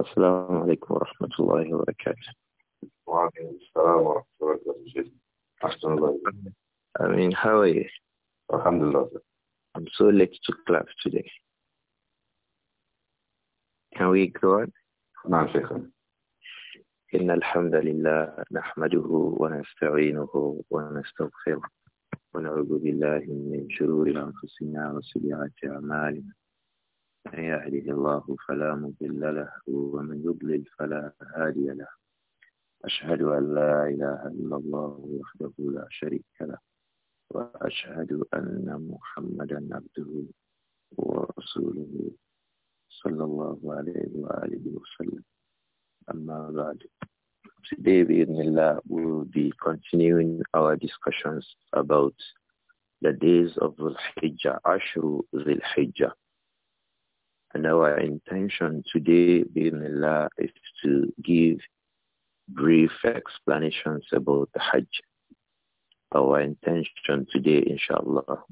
السلام عليكم ورحمة الله وبركاته وعليكم السلام ورحمة الله وبركاته أحسن الله I mean, how are you? Alhamdulillah. I'm so late to class today. Can we go on? نعم شيخنا. إن الحمد لله نحمده ونستعينه ونستغفره ونعوذ بالله من شرور أنفسنا وسيئات أعمالنا من يهده الله فلا مضل له ومن يضلل فلا هادي له أشهد أن لا إله إلا الله وحده لا شريك له وأشهد أن محمدا عبده ورسوله صلى الله عليه وآله وسلم أما بعد Today, بإذن الله, we'll be continuing our discussions about the days of Dhul-Hijjah, Ashru Dhul-Hijjah. And our intention today, Bismillah, is to give brief explanations about the Hajj. Our intention today, inshallah,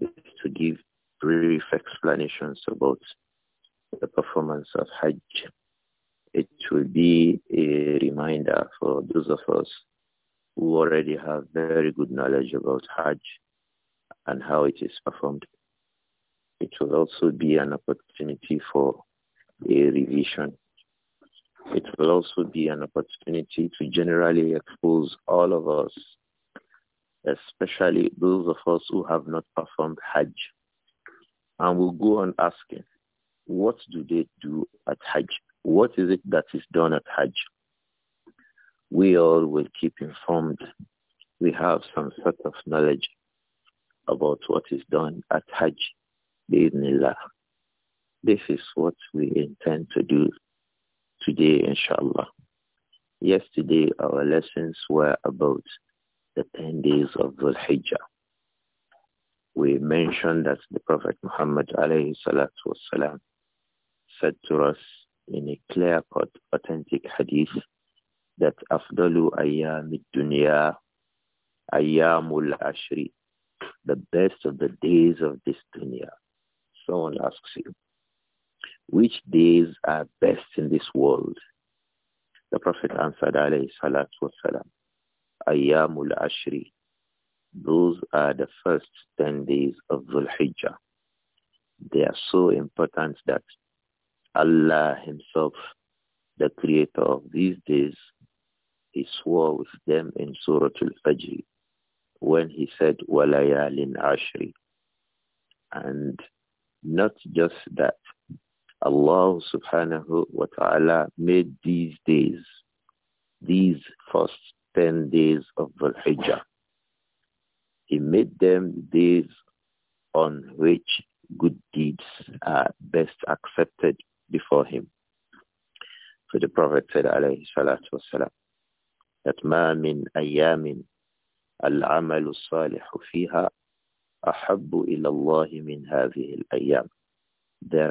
is to give brief explanations about the performance of Hajj. It will be a reminder for those of us who already have very good knowledge about Hajj and how it is performed it will also be an opportunity for a revision. It will also be an opportunity to generally expose all of us, especially those of us who have not performed Hajj. And we'll go on asking, what do they do at Hajj? What is it that is done at Hajj? We all will keep informed. We have some sort of knowledge about what is done at Hajj Bismillah. This is what we intend to do today, inshallah. Yesterday, our lessons were about the 10 days of Dhul Hijjah. We mentioned that the Prophet Muhammad alayhi said to us in a clear-cut authentic hadith that afdalu ayyamid dunya ayyamul ashri the best of the days of this dunya someone asks you, which days are best in this world? The Prophet answered, alayhi salatu wasalam, Ayyamul Ashri. Those are the first 10 days of Dhul Hijjah. They are so important that Allah himself, the creator of these days, he swore with them in Surah Al-Fajr when he said, وَلَيَالٍ ashri, And not just that. Allah subhanahu wa ta'ala made these days, these first 10 days of the Hijjah, he made them days on which good deeds are best accepted before him. So the Prophet said, alayhi salatu wasalam, that ma min ayamin al-amalu salihu fiha there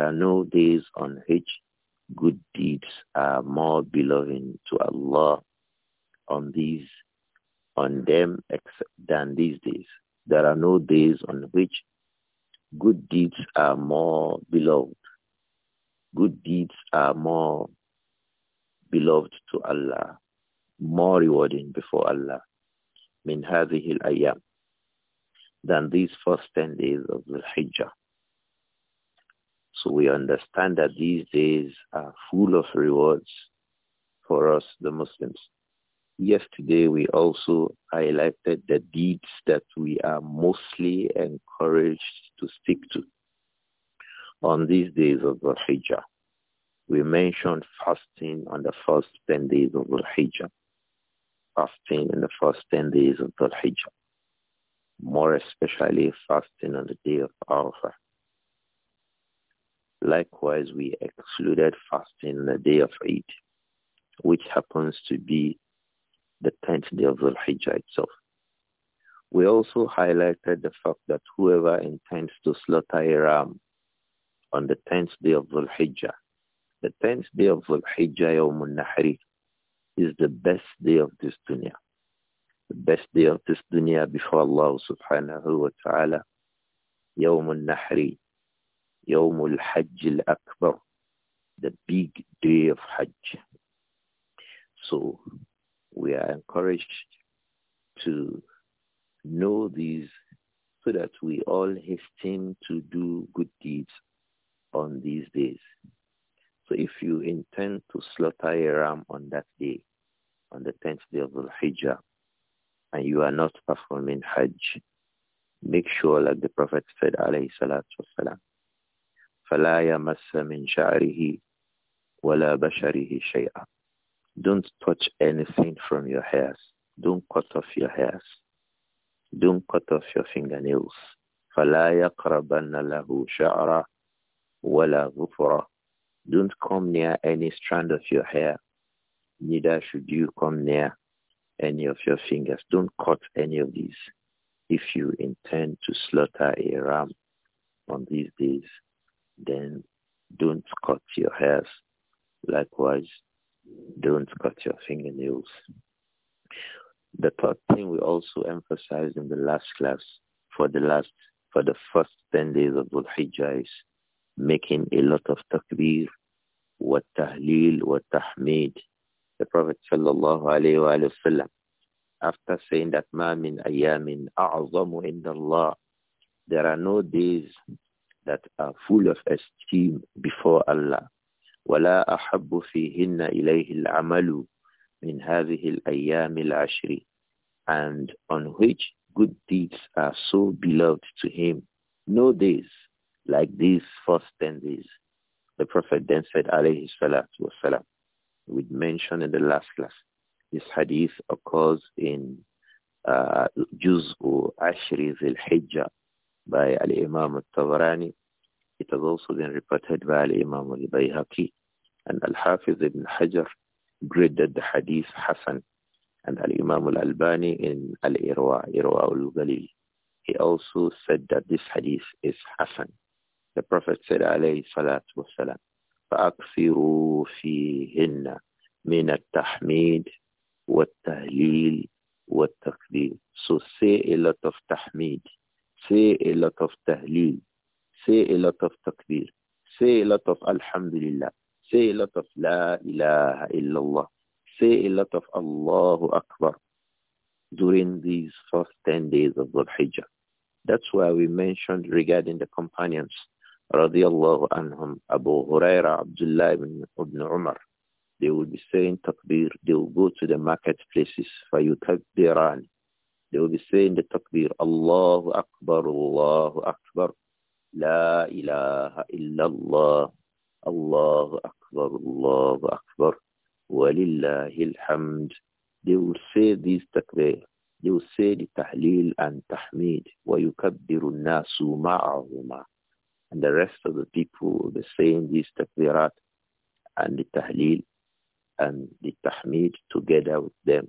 are no days on which good deeds are more beloved to Allah on these on them except than these days. There are no days on which good deeds are more beloved. Good deeds are more beloved to Allah, more rewarding before Allah. Min hadhihi al-ayyam than these first 10 days of the Hijjah. So we understand that these days are full of rewards for us, the Muslims. Yesterday, we also highlighted the deeds that we are mostly encouraged to stick to on these days of the Hijjah. We mentioned fasting on the first 10 days of the Hijjah. Fasting in the first 10 days of the Hijjah more especially fasting on the day of Arafah. Likewise, we excluded fasting on the day of Eid, which happens to be the 10th day of the Hijjah itself. We also highlighted the fact that whoever intends to slaughter a ram on the 10th day of Dhul Hijjah, the 10th day of Dhul Hijjah Yawm al-Nahri is the best day of this dunya the best day of this dunya before Allah subhanahu wa ta'ala. يوم النحر يوم الحج akbar the big day of Hajj. So we are encouraged to know these so that we all hasten to do good deeds on these days. So if you intend to slaughter a ram on that day, on the 10th day of the hijjah and you are not performing Hajj, make sure, like the Prophet said, alayhi salatu wasalam, فَلَا يَمَسَّ مِنْ شَعْرِهِ وَلَا بَشَرِهِ شَيْئًا Don't touch anything from your hairs. Don't cut off your hairs. Don't cut off your fingernails. فَلَا يَقْرَبَنَّ لَهُ شَعْرًا وَلَا غُفْرًا Don't come near any strand of your hair. Neither should you come near any of your fingers. Don't cut any of these if you intend to slaughter a ram on these days, then don't cut your hairs. Likewise, don't cut your fingernails. The third thing we also emphasized in the last class for the last for the first ten days of Dhul Hijjah is making a lot of takbir, wa tahleel, wa tahmid, the Prophet sallallahu wa sallam after saying that ma min ayamin a'zamu indallah. There are no days that are full of esteem before Allah. ولا أحب فيهن إليه العمل من هذه الأيام ashri and on which good deeds are so beloved to him. No days like these first ten days. The Prophet then said, alayhi salatu wasalam, we mentioned in the last class. This hadith occurs in uh, Juz'u Ashri Zil Hijjah by Al-Imam Al-Tabarani. It has also been reported by Al-Imam Al-Bayhaqi and Al-Hafiz Ibn Hajar graded the hadith Hassan and Al-Imam Al-Albani in Al-Irwa, Irwa Al-Ghalil. He also said that this hadith is Hassan. The Prophet said alayhi salatu salam." فأكثروا فيهن من التحميد والتهليل والتكبير. So say a lot of تحميد say a lot of تهليل say a lot of تكبير say a lot of الحمد لله say a lot of لا إله إلا الله say a lot of Allahu أكبر during these first 10 days of Dhul Hijjah. That's why we mentioned regarding the companions رضي الله عنهم هريرة عبد الله بن ابن عمر They will be saying تكبير They will go to the marketplaces. فَيُكَبِّرَانِ They will be saying the الله أكبر Akbar, أكبر Akbar. إله إلا الله الله Akbar, الله Akbar. وَلِلَّهِ الْحَمْدِ They will say these تكبير They will say the تحليل and تحميد وَيُكَبِّرُ النَّاسُ مَعَهُمَا And the rest of the people the saying these takbirat and the tahleel and the tahmid together with them.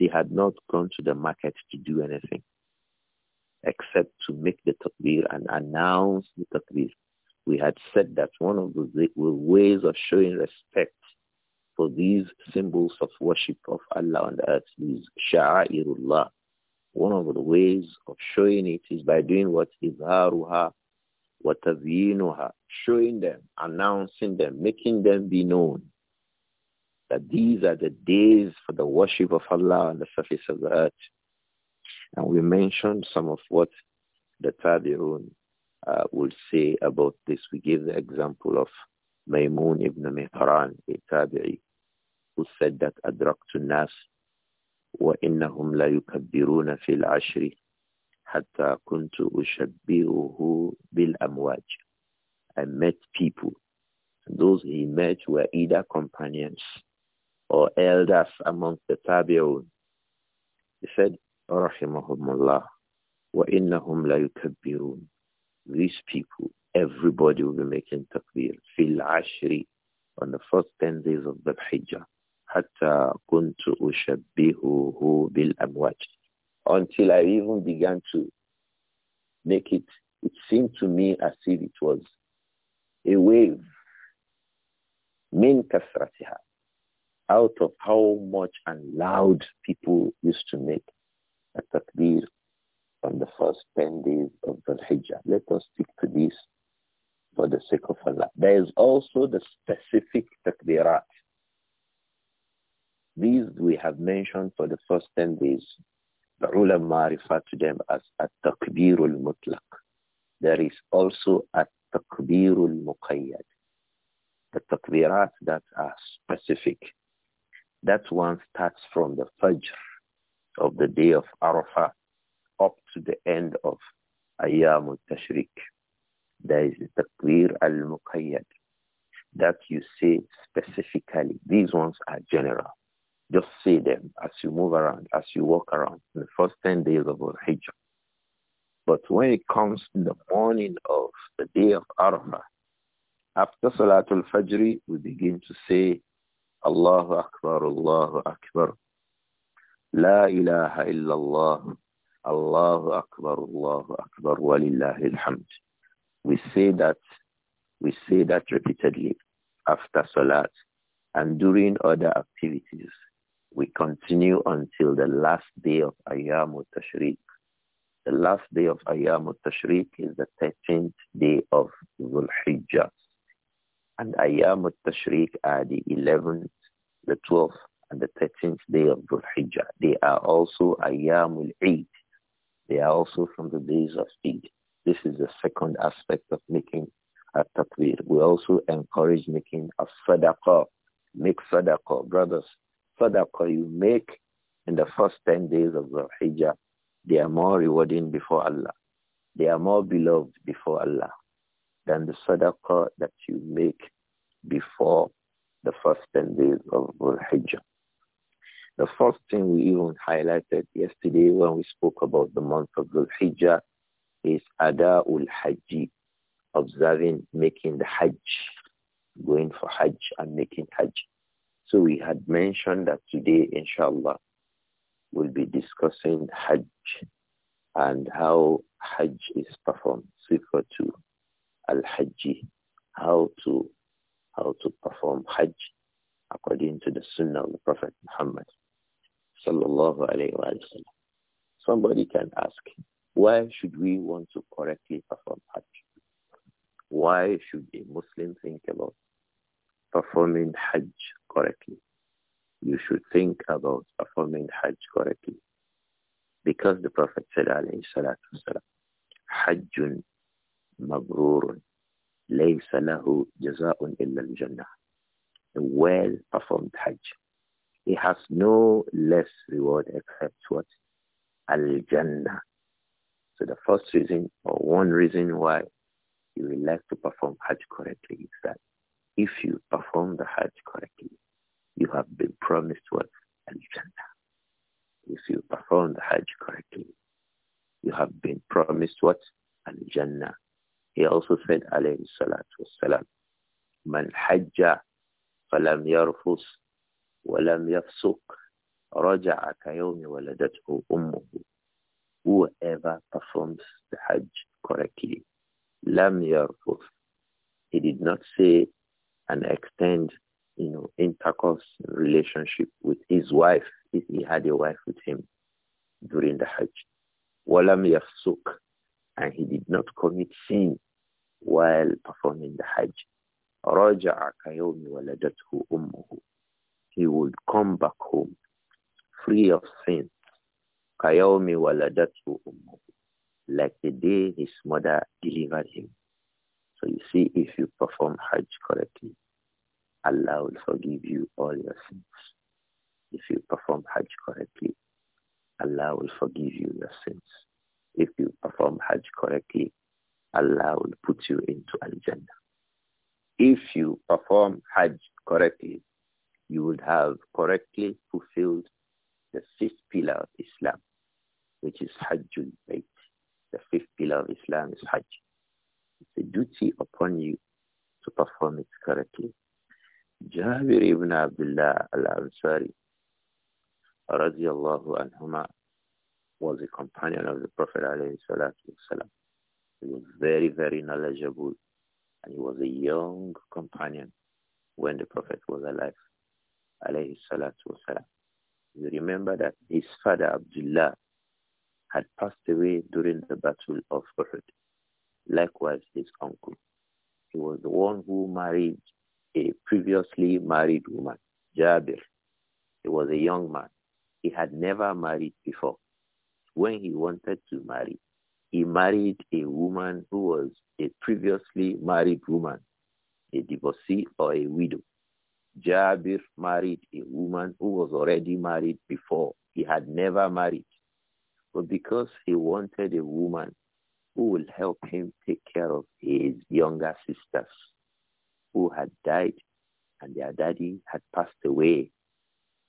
They had not gone to the market to do anything except to make the takbir and announce the takbir. We had said that one of the ways of showing respect for these symbols of worship of Allah on earth, these sha'airullah, one of the ways of showing it is by doing what? Izharuha wa Showing them, announcing them, making them be known. That these are the days for the worship of Allah on the surface of the earth. And we mentioned some of what the Tabi'un uh, will say about this. We gave the example of Maymun ibn Mihran, a Tabi'i, who said that Adraktu Nas وإنهم يُكْبِرُونَ في العشر حتى كنت أشبهه بالأمواج I met people those he met were either companions or elders amongst the tabi'un he said رحمهم الله وإنهم يُكْبِرُونَ. these people everybody will be making takbir fil ashri on the first 10 days of the hijjah until I even began to make it, it seemed to me as if it was a wave Min kasratiha, out of how much and loud people used to make a takbir on the first 10 days of the Hijjah. Let us stick to this for the sake of Allah. There is also the specific takbirat these we have mentioned for the first 10 days. The ulama refer to them as at-takbirul mutlaq. There is also at-takbirul muqayyad. The takbirat that are specific. That one starts from the fajr of the day of Arafah up to the end of Ayyam al-Tashriq. There is the takbir al-muqayyad that you say specifically. These ones are general. Just say them as you move around, as you walk around in the first 10 days of Hajj. But when it comes to the morning of the day of Arafah, after Salatul Fajr, we begin to say, Allahu Akbar, Allahu Akbar. La ilaha illallah. Allahu Akbar, Allahu Akbar, walillahi alhamd. We say that, we say that repeatedly after Salat and during other activities. We continue until the last day of Ayyam al-Tashriq. The last day of Ayyam al-Tashriq is the 13th day of Dhul Hijjah. And Ayyam al-Tashriq are the 11th, the 12th, and the 13th day of Dhul Hijjah. They are also Ayyam al-Eid. They are also from the days of Eid. This is the second aspect of making a taqweer. We also encourage making a sadaqah. Make sadaqah. Brothers, sadaqah you make in the first 10 days of the Hijjah, they are more rewarding before Allah. They are more beloved before Allah than the sadaqah that you make before the first 10 days of the Hijjah. The first thing we even highlighted yesterday when we spoke about the month of the Hijjah is Ada'ul Hajji, observing, making the Hajj, going for Hajj and making Hajj. So we had mentioned that today, inshallah, we'll be discussing Hajj and how Hajj is performed. Sifra to Al-Hajj, how to, how to perform Hajj according to the Sunnah of the Prophet Muhammad. Sallallahu alayhi wa Somebody can ask, why should we want to correctly perform Hajj? Why should a Muslim think about performing Hajj correctly. You should think about performing Hajj correctly. Because the Prophet said, alayhi salatu wasalam, Hajjun mabrurun laysa lahu jaza'un illa al-jannah. A well-performed Hajj. It has no less reward except what? Al-Jannah. So the first reason or one reason why you will like to perform Hajj correctly is that if you perform the Hajj correctly, you have been promised what? Al-Jannah. If you perform the Hajj correctly, you have been promised what? Al-Jannah. He also said, alayhi salatu wassalam, man hajja falam yarfus walam yafsuk raja'a kayawmi waladatuhu ummuhu. Whoever performs the Hajj correctly, lam yarfus. He did not say and extend, you know, intercourse relationship with his wife if he had a wife with him during the Hajj. Walam yafsuk, and he did not commit sin while performing the Hajj. Raja'a kayomi waladathu ummuhu. He would come back home free of sin. Kayomi waladathu ummuhu. Like the day his mother delivered him. So you see, if you perform Hajj correctly, Allah will forgive you all your sins. If you perform Hajj correctly, Allah will forgive you your sins. If you perform Hajj correctly, Allah will put you into Al-Jannah. If you perform Hajj correctly, you would have correctly fulfilled the fifth pillar of Islam, which is Hajjul Bayt. The fifth pillar of Islam is Hajj. It's a duty upon you to perform it correctly. Jabir ibn Abdullah al-Ansari radiallahu anhuma was a companion of the Prophet alayhi salatu wasalam. He was very, very knowledgeable and he was a young companion when the Prophet was alive alayhi salatu wasalam. You remember that his father Abdullah had passed away during the Battle of Uhud. Likewise, his uncle. He was the one who married a previously married woman, Jabir. He was a young man. He had never married before. When he wanted to marry, he married a woman who was a previously married woman, a divorcee or a widow. Jabir married a woman who was already married before. He had never married. But because he wanted a woman who will help him take care of his younger sisters who had died and their daddy had passed away.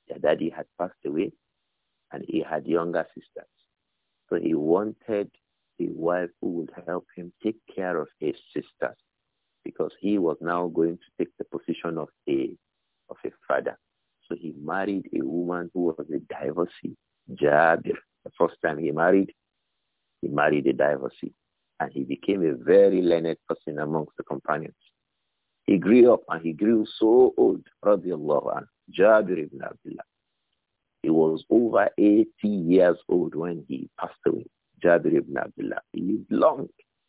Their daddy had passed away and he had younger sisters. So he wanted a wife who would help him take care of his sisters because he was now going to take the position of a of a father. So he married a woman who was a divorcee, Jabir. The first time he married, he married a divorcee and he became a very learned person amongst the companions. He grew up and he grew so old, radiallahu anhu, Jabir ibn Abdullah. He was over 80 years old when he passed away, Jabir ibn Abdullah. He lived long,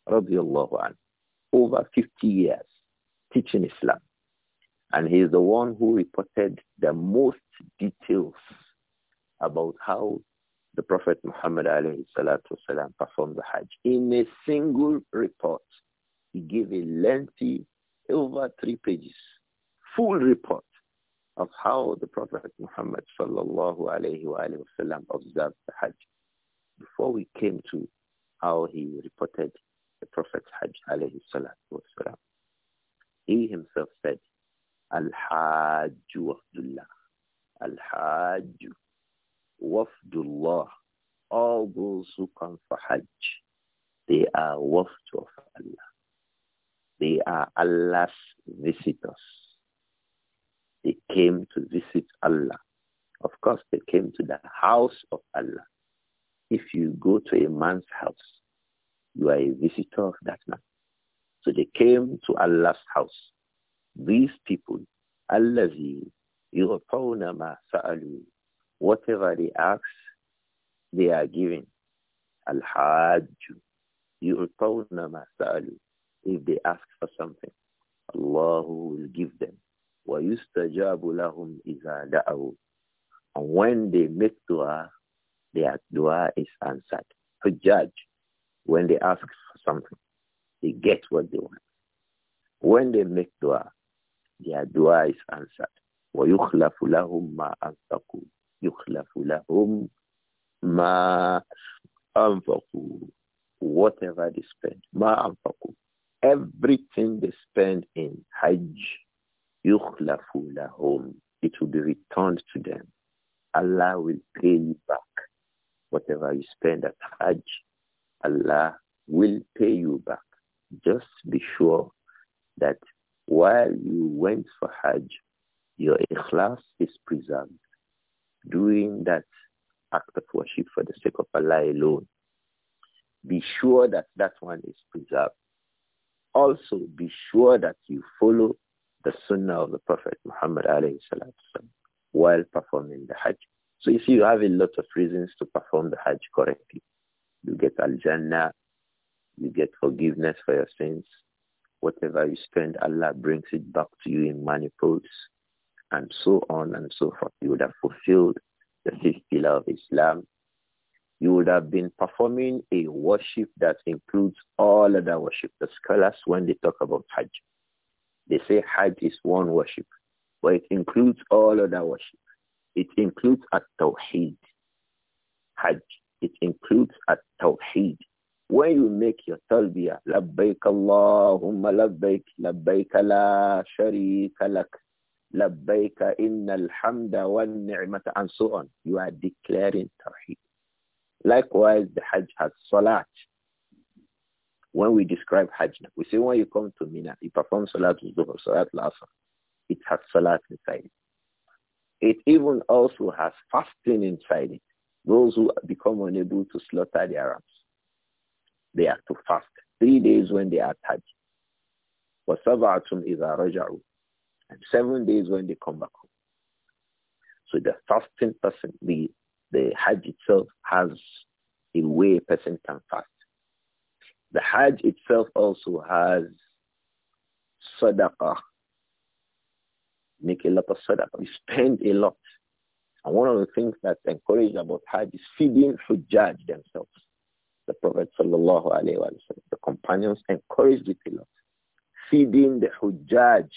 radiallahu anhu, over 50 years teaching Islam. And he is the one who reported the most details about how the Prophet Muhammad والسلام, performed the Hajj. In a single report, he gave a lengthy, over three pages, full report of how the Prophet Muhammad sallallahu observed the Hajj. Before we came to how he reported the Prophet's Hajj alayhi salatu wasalam, he himself said, Al-Hajju Abdullah. Al-Hajju Wafdullah, all those who come for Hajj, they are wafd of Allah. They are Allah's visitors. They came to visit Allah. Of course, they came to the house of Allah. If you go to a man's house, you are a visitor of that man. So they came to Allah's house. These people, Allah, يُغْفَوْنَ مَا سَأَلُوا Whatever they ask, they are given. Al-Hajj. If they ask for something, Allah will give them. And when they make dua, their dua is answered. For judge, when they ask for something, they get what they want. When they make dua, their dua is answered. يخلف لهم ما أنفقوا whatever they spend ما أنفقوا everything they spend in Hajj يخلف لهم it will be returned to them Allah will pay you back whatever you spend at Hajj Allah will pay you back just be sure that while you went for Hajj your ikhlas is preserved doing that act of worship for the sake of Allah alone. Be sure that that one is preserved. Also, be sure that you follow the sunnah of the Prophet Muhammad while performing the Hajj. So if you have a lot of reasons to perform the Hajj correctly, you get Al-Jannah, you get forgiveness for your sins. Whatever you spend, Allah brings it back to you in manifolds and so on and so forth. You would have fulfilled the fifth pillar of Islam. You would have been performing a worship that includes all other worship. The scholars, when they talk about Hajj, they say Hajj is one worship, but it includes all other worship. It includes a tawheed Hajj. It includes a tawheed When you make your talbiyah, لبيك اللهم لبيك لبيك لا شريك لك labbaika innal hamda ni'mata and so on. You are declaring tawhid Likewise, the Hajj has salat. When we describe Hajj, we say when you come to Mina, you perform salat zuhr, salat al-asr. It has salat inside it. It even also has fasting inside it. Those who become unable to slaughter their arabs they have to fast three days when they are Hajj. وَسَبْعَةٌ إِذَا رَجَعُوا and seven days when they come back home. So the fasting person, the, the Hajj itself has a way a person can fast. The Hajj itself also has sadaqah. Make a lot of sadaqah. You spend a lot. And one of the things that's encouraged about Hajj is feeding Hujjaj themselves. The Prophet sallallahu alayhi wa the companions encouraged it a lot. Feeding the Hujjaj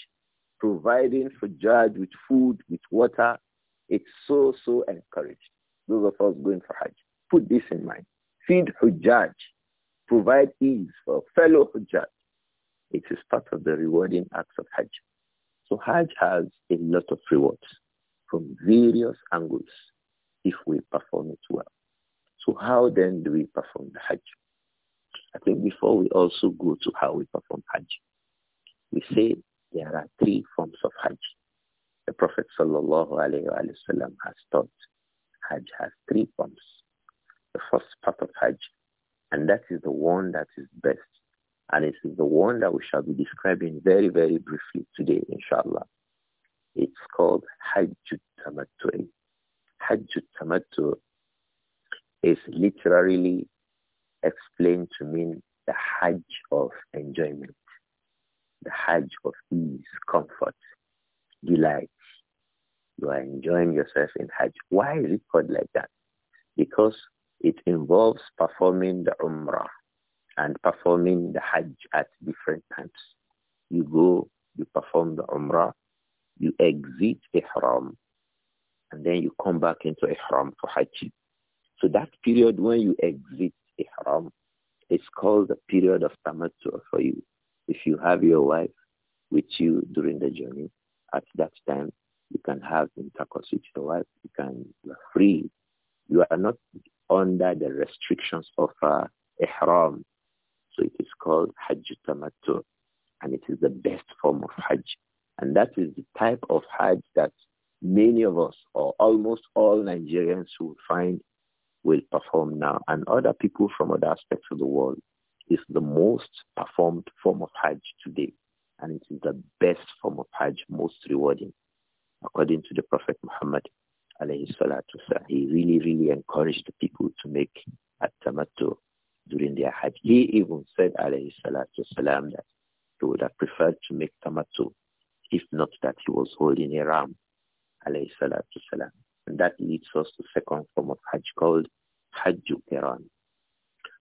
providing for Hajj with food, with water, it's so, so encouraged. Those of us going for Hajj, put this in mind. Feed Hujjaj. Provide ease for fellow Hujjaj. It is part of the rewarding acts of Hajj. So Hajj has a lot of rewards from various angles if we perform it well. So how then do we perform the Hajj? I think before we also go to how we perform Hajj, we say there are three forms of Hajj. The Prophet sallallahu alayhi wa sallam has taught Hajj has three forms. The first part of Hajj, and that is the one that is best. And it is the one that we shall be describing very, very briefly today, inshallah. It's called Hajj Tamattu. Hajj Tamattu is literally explained to mean the Hajj of enjoyment the Hajj of ease, comfort, delight. You are enjoying yourself in Hajj. Why is it called like that? Because it involves performing the Umrah and performing the Hajj at different times. You go, you perform the Umrah, you exit Ihram, and then you come back into Ihram for Hajj. So that period when you exit Ihram is called the period of Tamattu for you. If you have your wife with you during the journey, at that time, you can have intercourse with your wife. You can, be free. You are not under the restrictions of uh, ihram. So it is called Hajj Tamattu. And it is the best form of Hajj. And that is the type of Hajj that many of us or almost all Nigerians will find will perform now and other people from other aspects of the world is the most performed form of Hajj today. And it is the best form of Hajj, most rewarding, according to the Prophet Muhammad. He really, really encouraged the people to make at-tamattu during their Hajj. He even said, alayhi salatu wasalam, that he would have preferred to make tamattu if not that he was holding a ram, alayhi And that leads us to second form of Hajj called Hajj Qiran.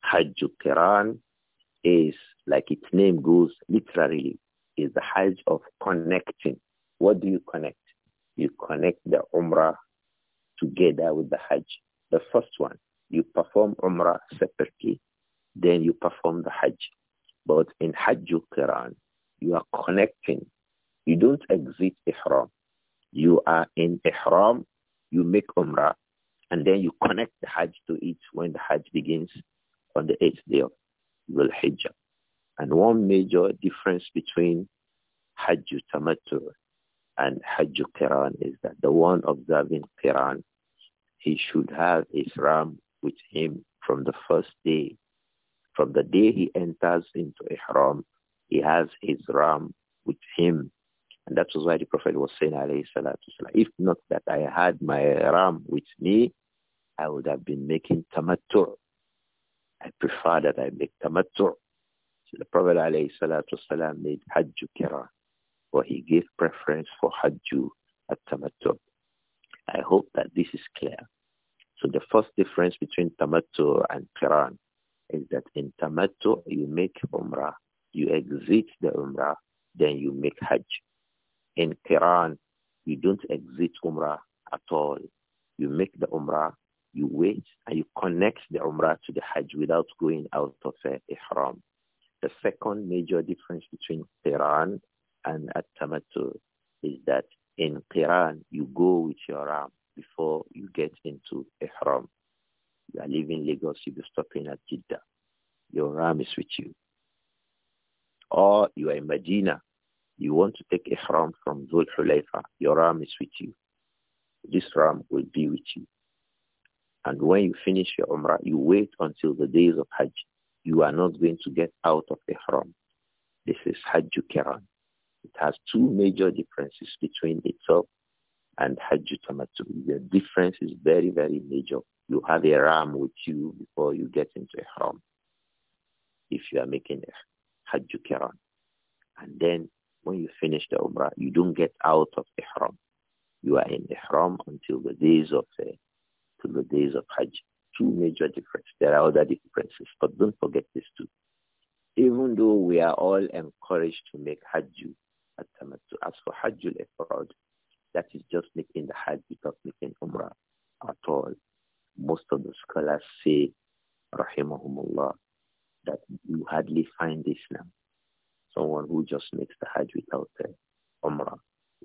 Hajj Qiran is, like its name goes, literally, is the Hajj of connecting. What do you connect? You connect the Umrah together with the Hajj. The first one, you perform Umrah separately, then you perform the Hajj. But in Hajj Quran, you are connecting. You don't exit Ihram. You are in Ihram, you make Umrah, and then you connect the Hajj to it when the Hajj begins on the eighth day of Dhul Hijjah. And one major difference between Hajj Tamattu and Hajj Qiran is that the one observing Qiran, he should have his ram with him from the first day. From the day he enters into Ihram, he has his ram with him. And that was why the Prophet was saying, if not that I had my ram with me, I would have been making tamattu. I prefer that I make tamattu. So the Prophet والسلام, made Hajj Kira, but he gave preference for Hajj at tamattu. I hope that this is clear. So the first difference between tamattu and Quran is that in tamattu you make umrah, you exit the umrah, then you make hajj. In Quran, you don't exit umrah at all. You make the umrah you wait and you connect the Umrah to the Hajj without going out of uh, Ihram. The second major difference between Qiran and At-Tamattu is that in Qiran, you go with your arm before you get into Ihram. You are leaving Lagos, you'll be stopping at Jeddah. Your arm is with you. Or you are in Medina, you want to take Ihram from Dhul Hulayfa. Your arm is with you. This ram will be with you and when you finish your Umrah, you wait until the days of Hajj. You are not going to get out of Ihram. This is Hajj Kiran. It has two major differences between itself and Hajj Tamattu. The difference is very, very major. You have a ram with you before you get into Ihram if you are making Hajj Kiran. And then when you finish the Umrah, you don't get out of Ihram. You are in Ihram until the days of the uh, to the days of Hajj. Two major differences. There are other differences, but don't forget these two. Even though we are all encouraged to make Hajj to ask as for Hajjul Ifrad, that is just making the Hajj without making Umrah at all. Most of the scholars say, Rahimahumullah, that you hardly find this now. Someone who just makes the Hajj without the uh, Umrah,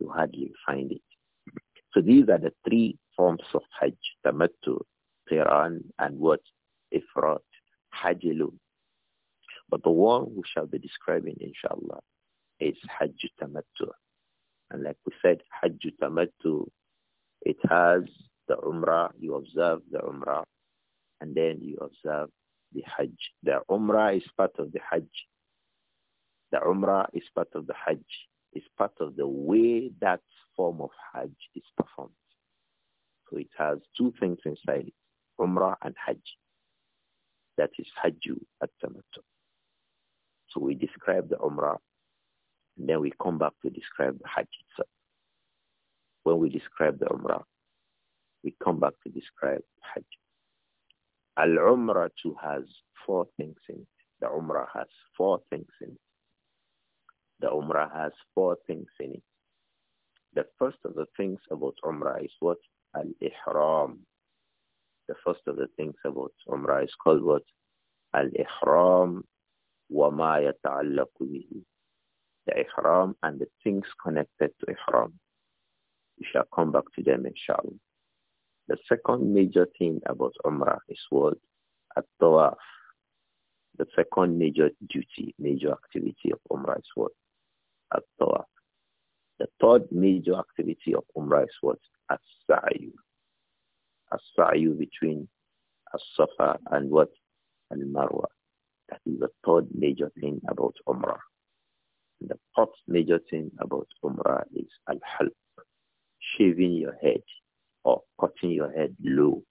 you hardly find it. So these are the three forms of Hajj, Tamattu, Qiran, and what? Ifrat, Hajilun. But the one we shall be describing, inshallah, is Hajj Tamattu. And like we said, Hajj Tamattu, it has the Umrah, you observe the Umrah, and then you observe the Hajj. The Umrah is part of the Hajj. The Umrah is part of the Hajj. It's part of the way that form of Hajj is performed. So it has two things inside it, Umrah and Hajj. That is Hajju at-Tamattu. So we describe the Umrah, and then we come back to describe the Hajj itself. When we describe the Umrah, we come back to describe Hajj. Al-Umrah too has four things in it. The Umrah has four things in it. The Umrah has four things in it. The first of the things about Umrah is what? Al-Ihram. The first of the things about Umrah is called what? Al-Ihram wa ma yata'allaqu bihi. The Ihram and the things connected to Ihram. We shall come back to them inshallah. The second major thing about Umrah is what? At-Tawaf. The second major duty, major activity of Umrah is what? At-Tawaf. The third major activity of Umrah is what? As-sa'yu. between as and what? and That is the third major thing about Umrah. And the fourth major thing about Umrah is Al-Halq. Shaving your head or cutting your head low.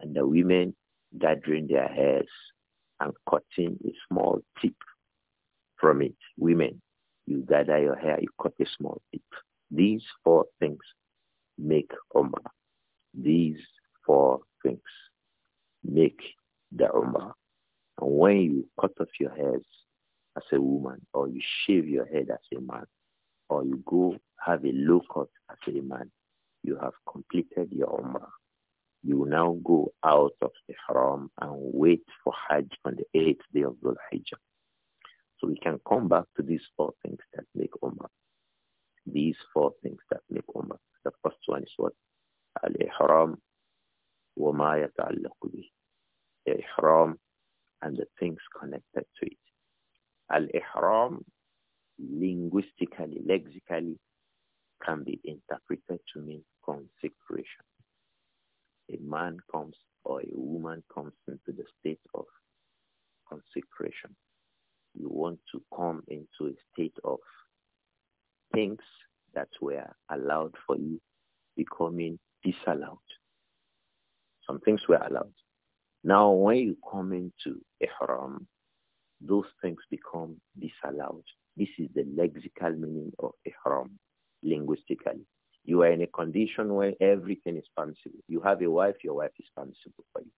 And the women gathering their hairs and cutting a small tip from it. Women you gather your hair, you cut a small tip. These four things make Umrah. These four things make the Umrah. And when you cut off your hairs as a woman, or you shave your head as a man, or you go have a low cut as a man, you have completed your Umrah. You now go out of the Haram and wait for Hajj on the eighth day of the Hijjah. So we can come back to these four things that make ummah. These four things that make ummah. The first one is what? Al-Ihram wa ma yata'allaqu Ihram and the things connected to it. Al-Ihram linguistically, lexically, can be interpreted to mean consecration. A man comes or a woman comes into the state of consecration you want to come into a state of things that were allowed for you becoming disallowed. Some things were allowed. Now, when you come into ihram, those things become disallowed. This is the lexical meaning of ihram, linguistically. You are in a condition where everything is permissible. You have a wife, your wife is permissible for you.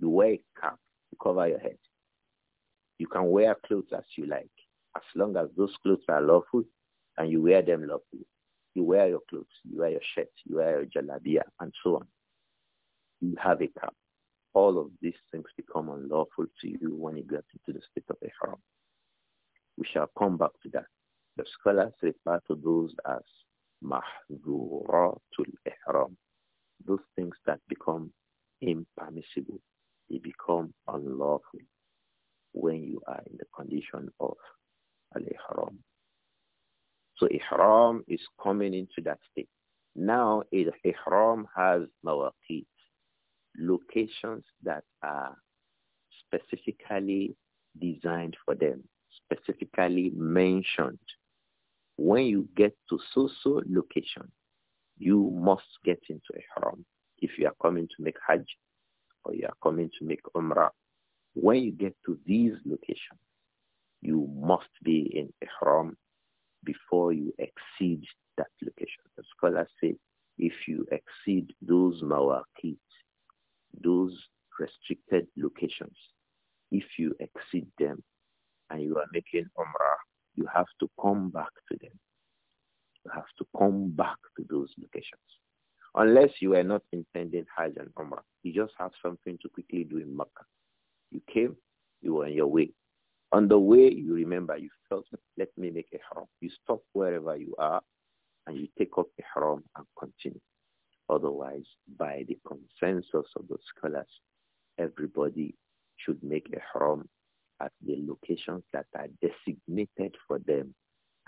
You wear a cap you cover your head. You can wear clothes as you like, as long as those clothes are lawful and you wear them lawfully. You wear your clothes, you wear your shirt, you wear your jalabia, and so on. You have a cap. All of these things become unlawful to you when you get into the state of Ihram. We shall come back to that. The scholars refer to those as mahzuratul ihram. Those things that become impermissible, they become unlawful when you are in the condition of al-ihram. So ihram is coming into that state. Now ihram has mawaqit, locations that are specifically designed for them, specifically mentioned. When you get to so-so location, you must get into ihram. If you are coming to make hajj or you are coming to make umrah when you get to these locations, you must be in Ihram before you exceed that location. The scholars say if you exceed those mawaqit, those restricted locations, if you exceed them and you are making umrah, you have to come back to them. You have to come back to those locations. Unless you are not intending Hajj and Umrah. You just have something to quickly do in Makkah. You came, you were on your way. On the way, you remember, you felt, let me make a haram. You stop wherever you are and you take up a haram and continue. Otherwise, by the consensus of the scholars, everybody should make a haram at the locations that are designated for them.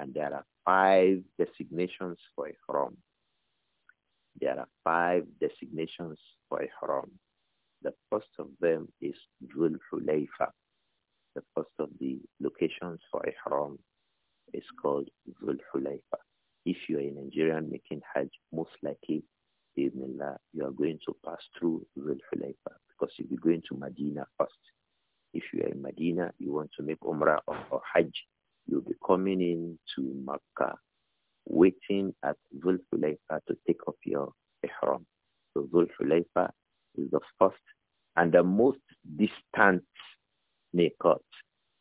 And there are five designations for a haram. There are five designations for a haram. The first of them is Dhul Hulayfa. The first of the locations for Ihram is called Dhul Hulayfa. If you are a Nigerian making Hajj, most likely, you are going to pass through Dhul Hulayfa because you'll be going to Medina first. If you are in Medina, you want to make Umrah or, or Hajj, you'll be coming in to Makkah, waiting at Dhul Hulayfa to take off your Ihram. So Dhul Hulayfa is the first and the most distant Miqat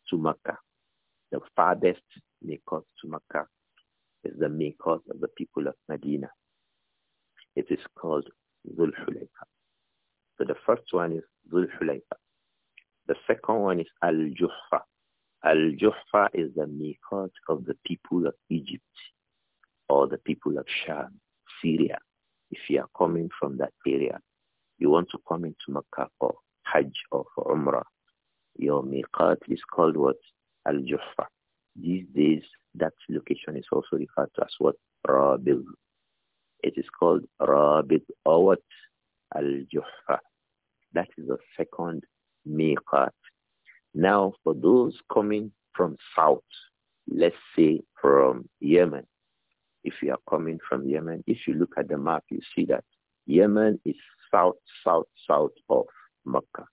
to Makkah. The farthest Miqat to Makkah is the Miqat of the people of Medina. It is called Dhul So the first one is Dhul The second one is Al-Juhfa. Al-Juhfa is the Miqat of the people of Egypt or the people of Sham, Syria, if you are coming from that area. You want to come into Makkah for Hajj or for Umrah. Your miqat is called what? Al-Juhfa. These days, that location is also referred to as what? Rabid. It is called Rabid or what? Al-Juhfa. That is the second miqat. Now, for those coming from south, let's say from Yemen, if you are coming from Yemen, if you look at the map, you see that Yemen is south, south, south of Mecca.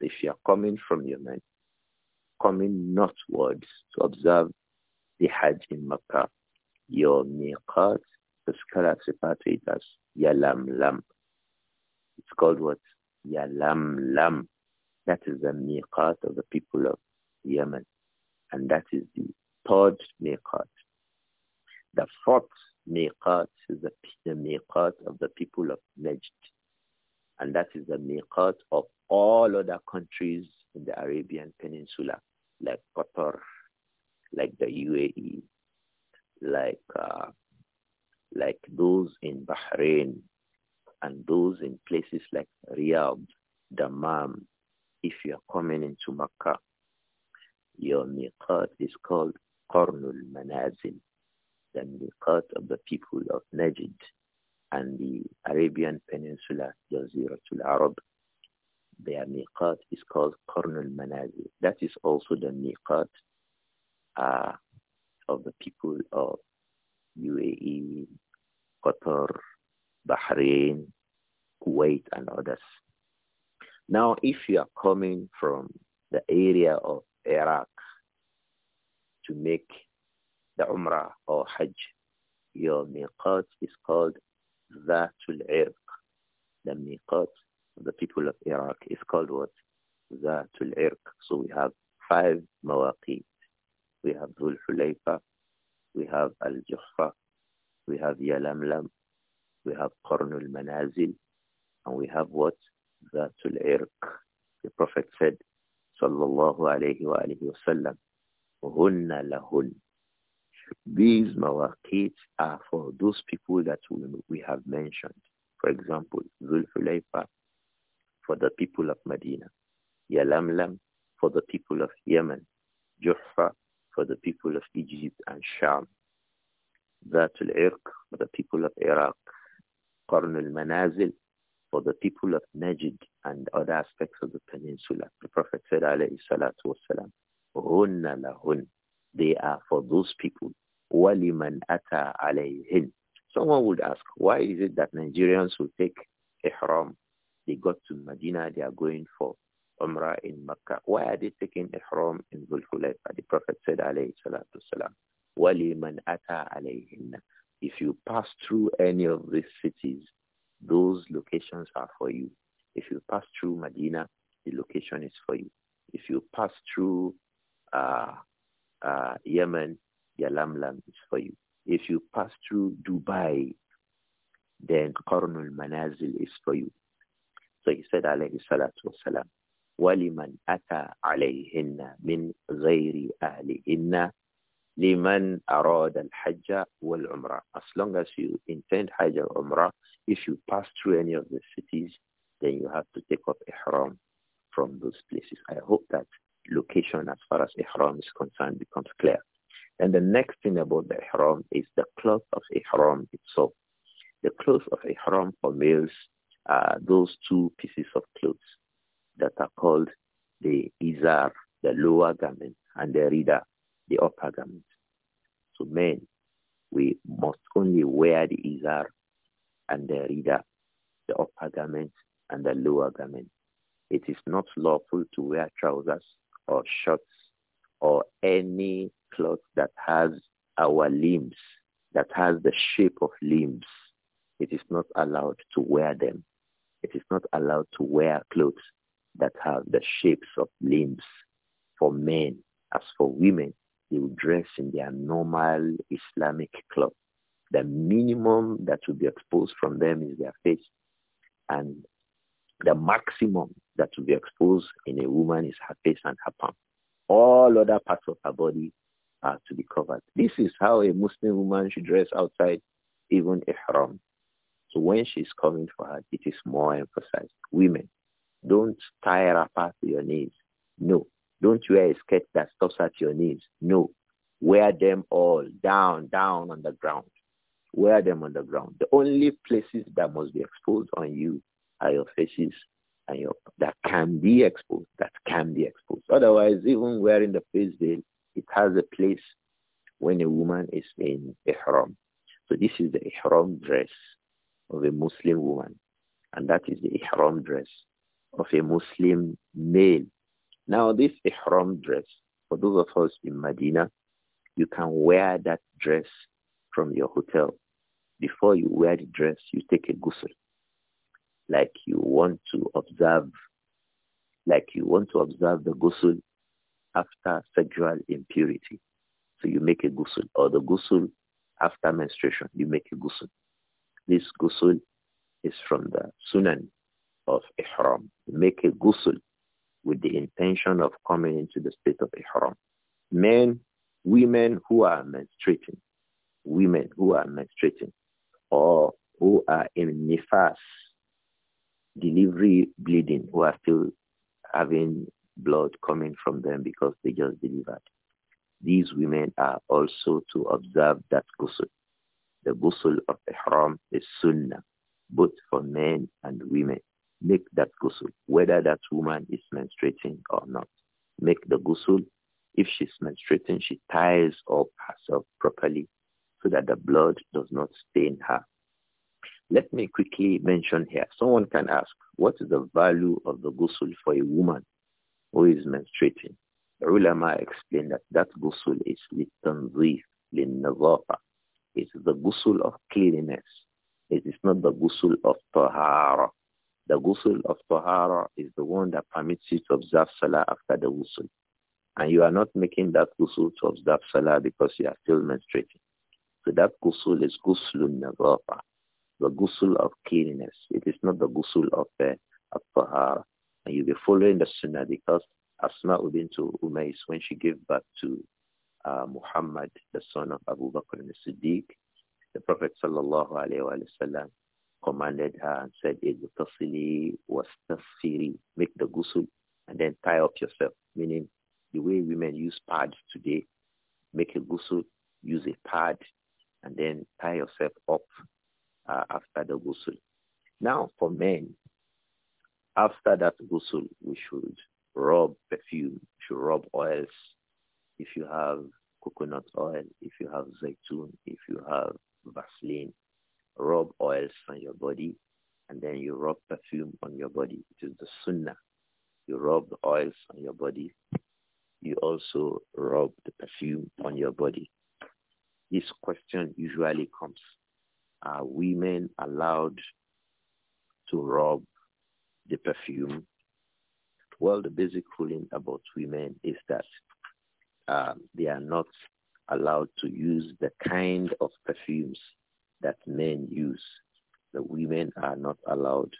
If you are coming from Yemen, coming northwards to observe the Hajj in Mecca, your miqat, the scholars refer to it as Yalam Lam. It's called what? Yalam Lam. That is the miqat of the people of Yemen. And that is the third miqat. The fourth miqat is the, the miqat of the people of Najd and that is the miqat of all other countries in the Arabian Peninsula, like Qatar, like the UAE, like uh, like those in Bahrain, and those in places like Riyadh, Dammam. If you are coming into Makkah, your miqat is called Qarnul Manazil, the miqat of the people of Najd, and the Arabian Peninsula, Jaziratul Arab, their miqat is called Qarnul Manazil. That is also the miqat uh, of the people of UAE, Qatar, Bahrain, Kuwait, and others. Now, if you are coming from the area of Iraq to make the Umrah or Hajj, your miqat is called Zatul Irq. The miqat of the people of Iraq is called what? Zatul Irq. So we have five mawaqit. We have Dhul Hulayfa, we have Al-Juhfa, we have Yalamlam, we have Qarnul Manazil, and we have what? Zatul Irq. The Prophet said, Sallallahu alaihi wa alayhi wa sallam, Hunna these mawaqit are for those people that we, we have mentioned. For example, Zulfulayfa for the people of Medina, Yalamlam for the people of Yemen, Juhfa for the people of Egypt and Sham, Zatul Irq for the people of Iraq, Qarn al-Manazil for the people of Najd and other aspects of the peninsula. The Prophet said, alayhi salatu wasalam, They are for those people. وَلِمَنْ ata alayhin. Someone would ask, why is it that Nigerians will take ihram? They got to Medina, they are going for Umrah in Mecca. Why are they taking ihram in Zulhulayfa? The Prophet said, alayhi salatu salam, If you pass through any of these cities, those locations are for you. If you pass through Medina, the location is for you. If you pass through uh, uh, Yemen, Yalamlam is for you. If you pass through Dubai, then Qarnul Manazil is for you. So he said, alayhi salatu wasalam, وَلِمَنْ أَتَى عَلَيْهِنَّ مِنْ غَيْرِ أَهْلِهِنَّ لِمَنْ أَرَادَ الْحَجَّ وَالْعُمْرَةِ As long as you intend Hajj or Umrah, if you pass through any of the cities, then you have to take up Ihram from those places. I hope that location as far as Ihram is concerned becomes clear. And the next thing about the ihram is the cloth of ihram itself. The cloth of ihram for males are uh, those two pieces of clothes that are called the izar, the lower garment, and the rida, the upper garment. So men, we must only wear the izar and the rida, the upper garment and the lower garment. It is not lawful to wear trousers or shorts or any cloth that has our limbs, that has the shape of limbs. It is not allowed to wear them. It is not allowed to wear clothes that have the shapes of limbs for men. As for women, they will dress in their normal Islamic cloth. The minimum that will be exposed from them is their face. And the maximum that will be exposed in a woman is her face and her palm. All other parts of her body are to be covered. This is how a Muslim woman should dress outside even ihram. So when she's coming for her, it is more emphasized. Women, don't tie a wrapper to your knees. No. Don't wear a skirt that stops at your knees. No. Wear them all down, down on the ground. Wear them on the ground. The only places that must be exposed on you are your faces and your that can be exposed, that can be exposed. Otherwise, even wearing the face veil it has a place when a woman is in ihram. So this is the ihram dress of a Muslim woman. And that is the ihram dress of a Muslim male. Now this ihram dress, for those of us in Medina, you can wear that dress from your hotel. Before you wear the dress, you take a ghusl. Like you want to observe, like you want to observe the ghusl after sexual impurity. So you make a ghusl or the ghusl after menstruation, you make a ghusl. This ghusl is from the sunan of ihram. make a ghusl with the intention of coming into the state of ihram. Men, women who are menstruating, women who are menstruating or who are in nifas, delivery bleeding, who are still having blood coming from them because they just delivered. These women are also to observe that ghusl. The ghusl of ihram is sunnah, both for men and women. Make that ghusl, whether that woman is menstruating or not. Make the ghusl. If she's menstruating, she ties up herself properly so that the blood does not stain her. Let me quickly mention here, someone can ask, what is the value of the ghusl for a woman? who is menstruating. The ulama explained that that ghusl is litanzif, linnazafa. It's the ghusl of cleanliness. It is not the ghusl of tahara. The ghusl of tahara is the one that permits you to observe salah after the ghusl. And you are not making that ghusl to observe salah because you are still menstruating. So that ghusl is ghuslun nazafa, the ghusl of cleanliness. It is not the ghusl of uh, of tahara. And you'll be following the sunnah because Asma to Umays, when she gave birth to uh, Muhammad, the son of Abu Bakr and Siddiq, the Prophet sallallahu alayhi wa sallam commanded her and said, Igtasili wastafiri, make the ghusl and then tie up yourself. Meaning the way women use pads today, make a ghusl, use a pad and then tie yourself up uh, after the ghusl. Now for men, after that ghusl, we should rub perfume, we should rub oils. If you have coconut oil, if you have zaitun, if you have Vaseline, rub oils on your body and then you rub perfume on your body. It is the sunnah. You rub the oils on your body. You also rub the perfume on your body. This question usually comes, are women allowed to rub the perfume? Well, the basic ruling about women is that um, they are not allowed to use the kind of perfumes that men use. The women are not allowed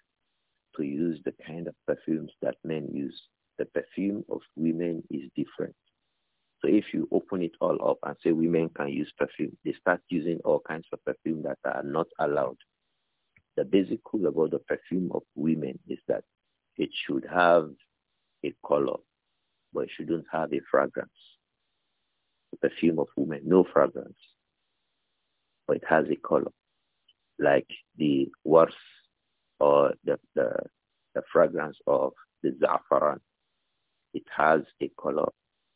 to use the kind of perfumes that men use. The perfume of women is different. So if you open it all up and say women can use perfume, they start using all kinds of perfume that are not allowed. The basic rule about the perfume of women is that it should have a color, but it shouldn't have a fragrance. The perfume of women, no fragrance, but it has a color, like the words or the, the, the fragrance of the zafaran. It has a color.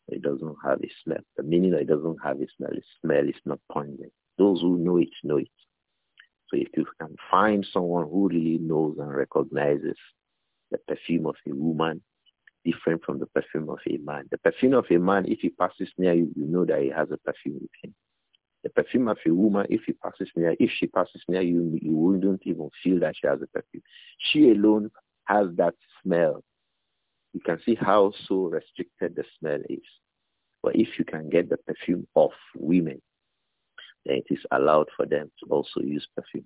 It doesn't have a smell. The meaning it doesn't have a smell. The smell is not pungent. Those who know it know it. So if you can find someone who really knows and recognizes the perfume of a woman different from the perfume of a man. The perfume of a man, if he passes near you, you know that he has a perfume with him. The perfume of a woman, if he passes near, if she passes near you, you wouldn't even feel that she has a perfume. She alone has that smell. You can see how so restricted the smell is. But if you can get the perfume of women, then it is allowed for them to also use perfume.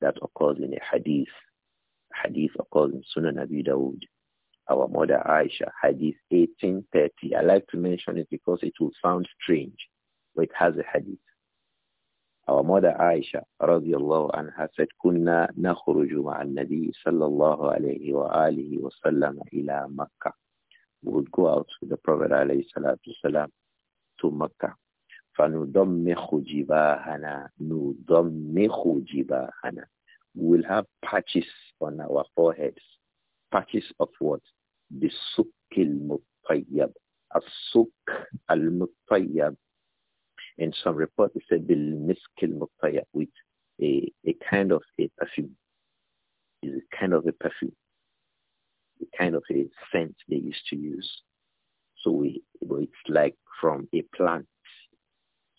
That occurs in a hadith. Hadith occurs in Sunan Abi Dawood. Our mother Aisha, hadith 1830. I like to mention it because it will sound strange, but it has a hadith. Our mother Aisha, radiallahu anha, said, كنا نخرج مع النبي صلى الله عليه وآله وسلم إلى مكة. We would go out with the Prophet alayhi الصلاة to Makkah. فَنُضَمِّخُ جِبَاهَنَا نُضَمِّخُ جِبَاهَنَا We will have patches on our foreheads. Patches of what? The suk al-mutayyab. As-suk al-mutayyab. In some reports it said bil misk mutayyab with a, a kind of a perfume. Is a kind of a perfume. The kind of a scent they used to use. So we, it's like from a plant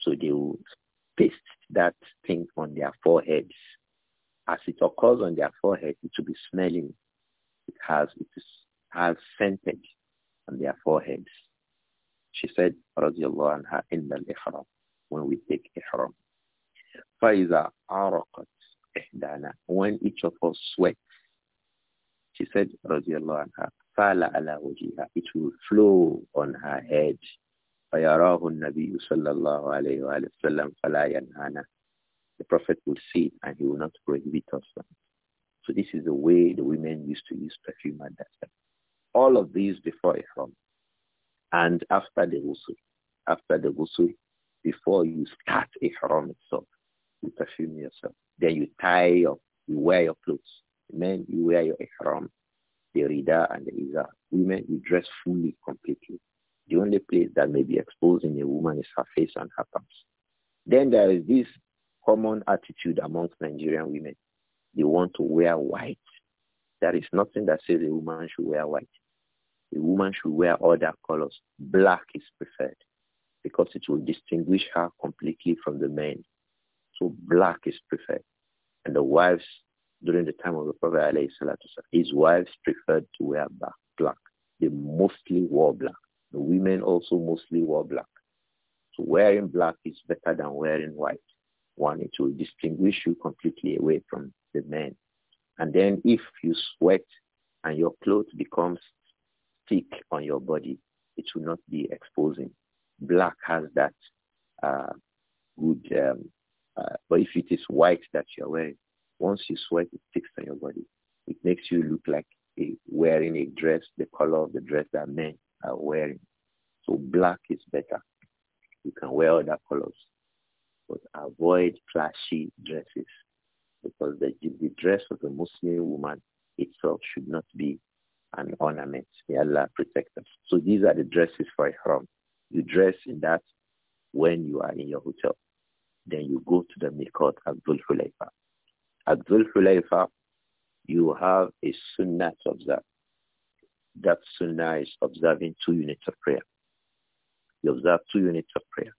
so they will paste that thing on their foreheads. As it occurs on their forehead, it will be smelling. It has, it is, has scented on their foreheads. She said, radiallahu anha, inna al-ihram, when we take ihram. فَإِذَا عَرَقَتْ إِحْدَانَا When each of us sweats, she said, radiallahu anha, فَعَلَ عَلَى وَجِهَا It will flow on her head. فَيَرَاهُ النَّبِيُّ صَلَّى اللَّهُ عَلَيْهِ وَسَلَّمْ فَلَا يَنْهَانَا The Prophet will see and he will not prohibit us. So this is the way the women used to use perfume at that time. All of these before Ihram and after the ghusl. After the ghusl, before you start Ihram itself, you perfume yourself. Then you tie your, you wear your clothes. Men, you wear your Ihram, the Rida and the Izar. Women, you dress fully, completely. The only place that may be exposing a woman is her face and her palms. Then there is this common attitude amongst Nigerian women. They want to wear white. There is nothing that says a woman should wear white. A woman should wear other colors. Black is preferred because it will distinguish her completely from the men. So black is preferred. And the wives during the time of the Prophet, his wives preferred to wear black. They mostly wore black. The women also mostly wore black. So wearing black is better than wearing white. One, it will distinguish you completely away from the men. And then if you sweat and your clothes becomes thick on your body, it will not be exposing. Black has that uh, good, um, uh, but if it is white that you're wearing, once you sweat, it sticks on your body. It makes you look like a, wearing a dress, the color of the dress that men are wearing. So black is better. You can wear other colors. But avoid flashy dresses because the, the dress of a Muslim woman itself should not be an ornament. May Allah protect us. So these are the dresses for Ihram. You dress in that when you are in your hotel. Then you go to the Miqat Abdul Hulaifa. Abdul Hulaifa, you have a sunnah of that that sunnah is observing two units of prayer. You observe two units of prayer.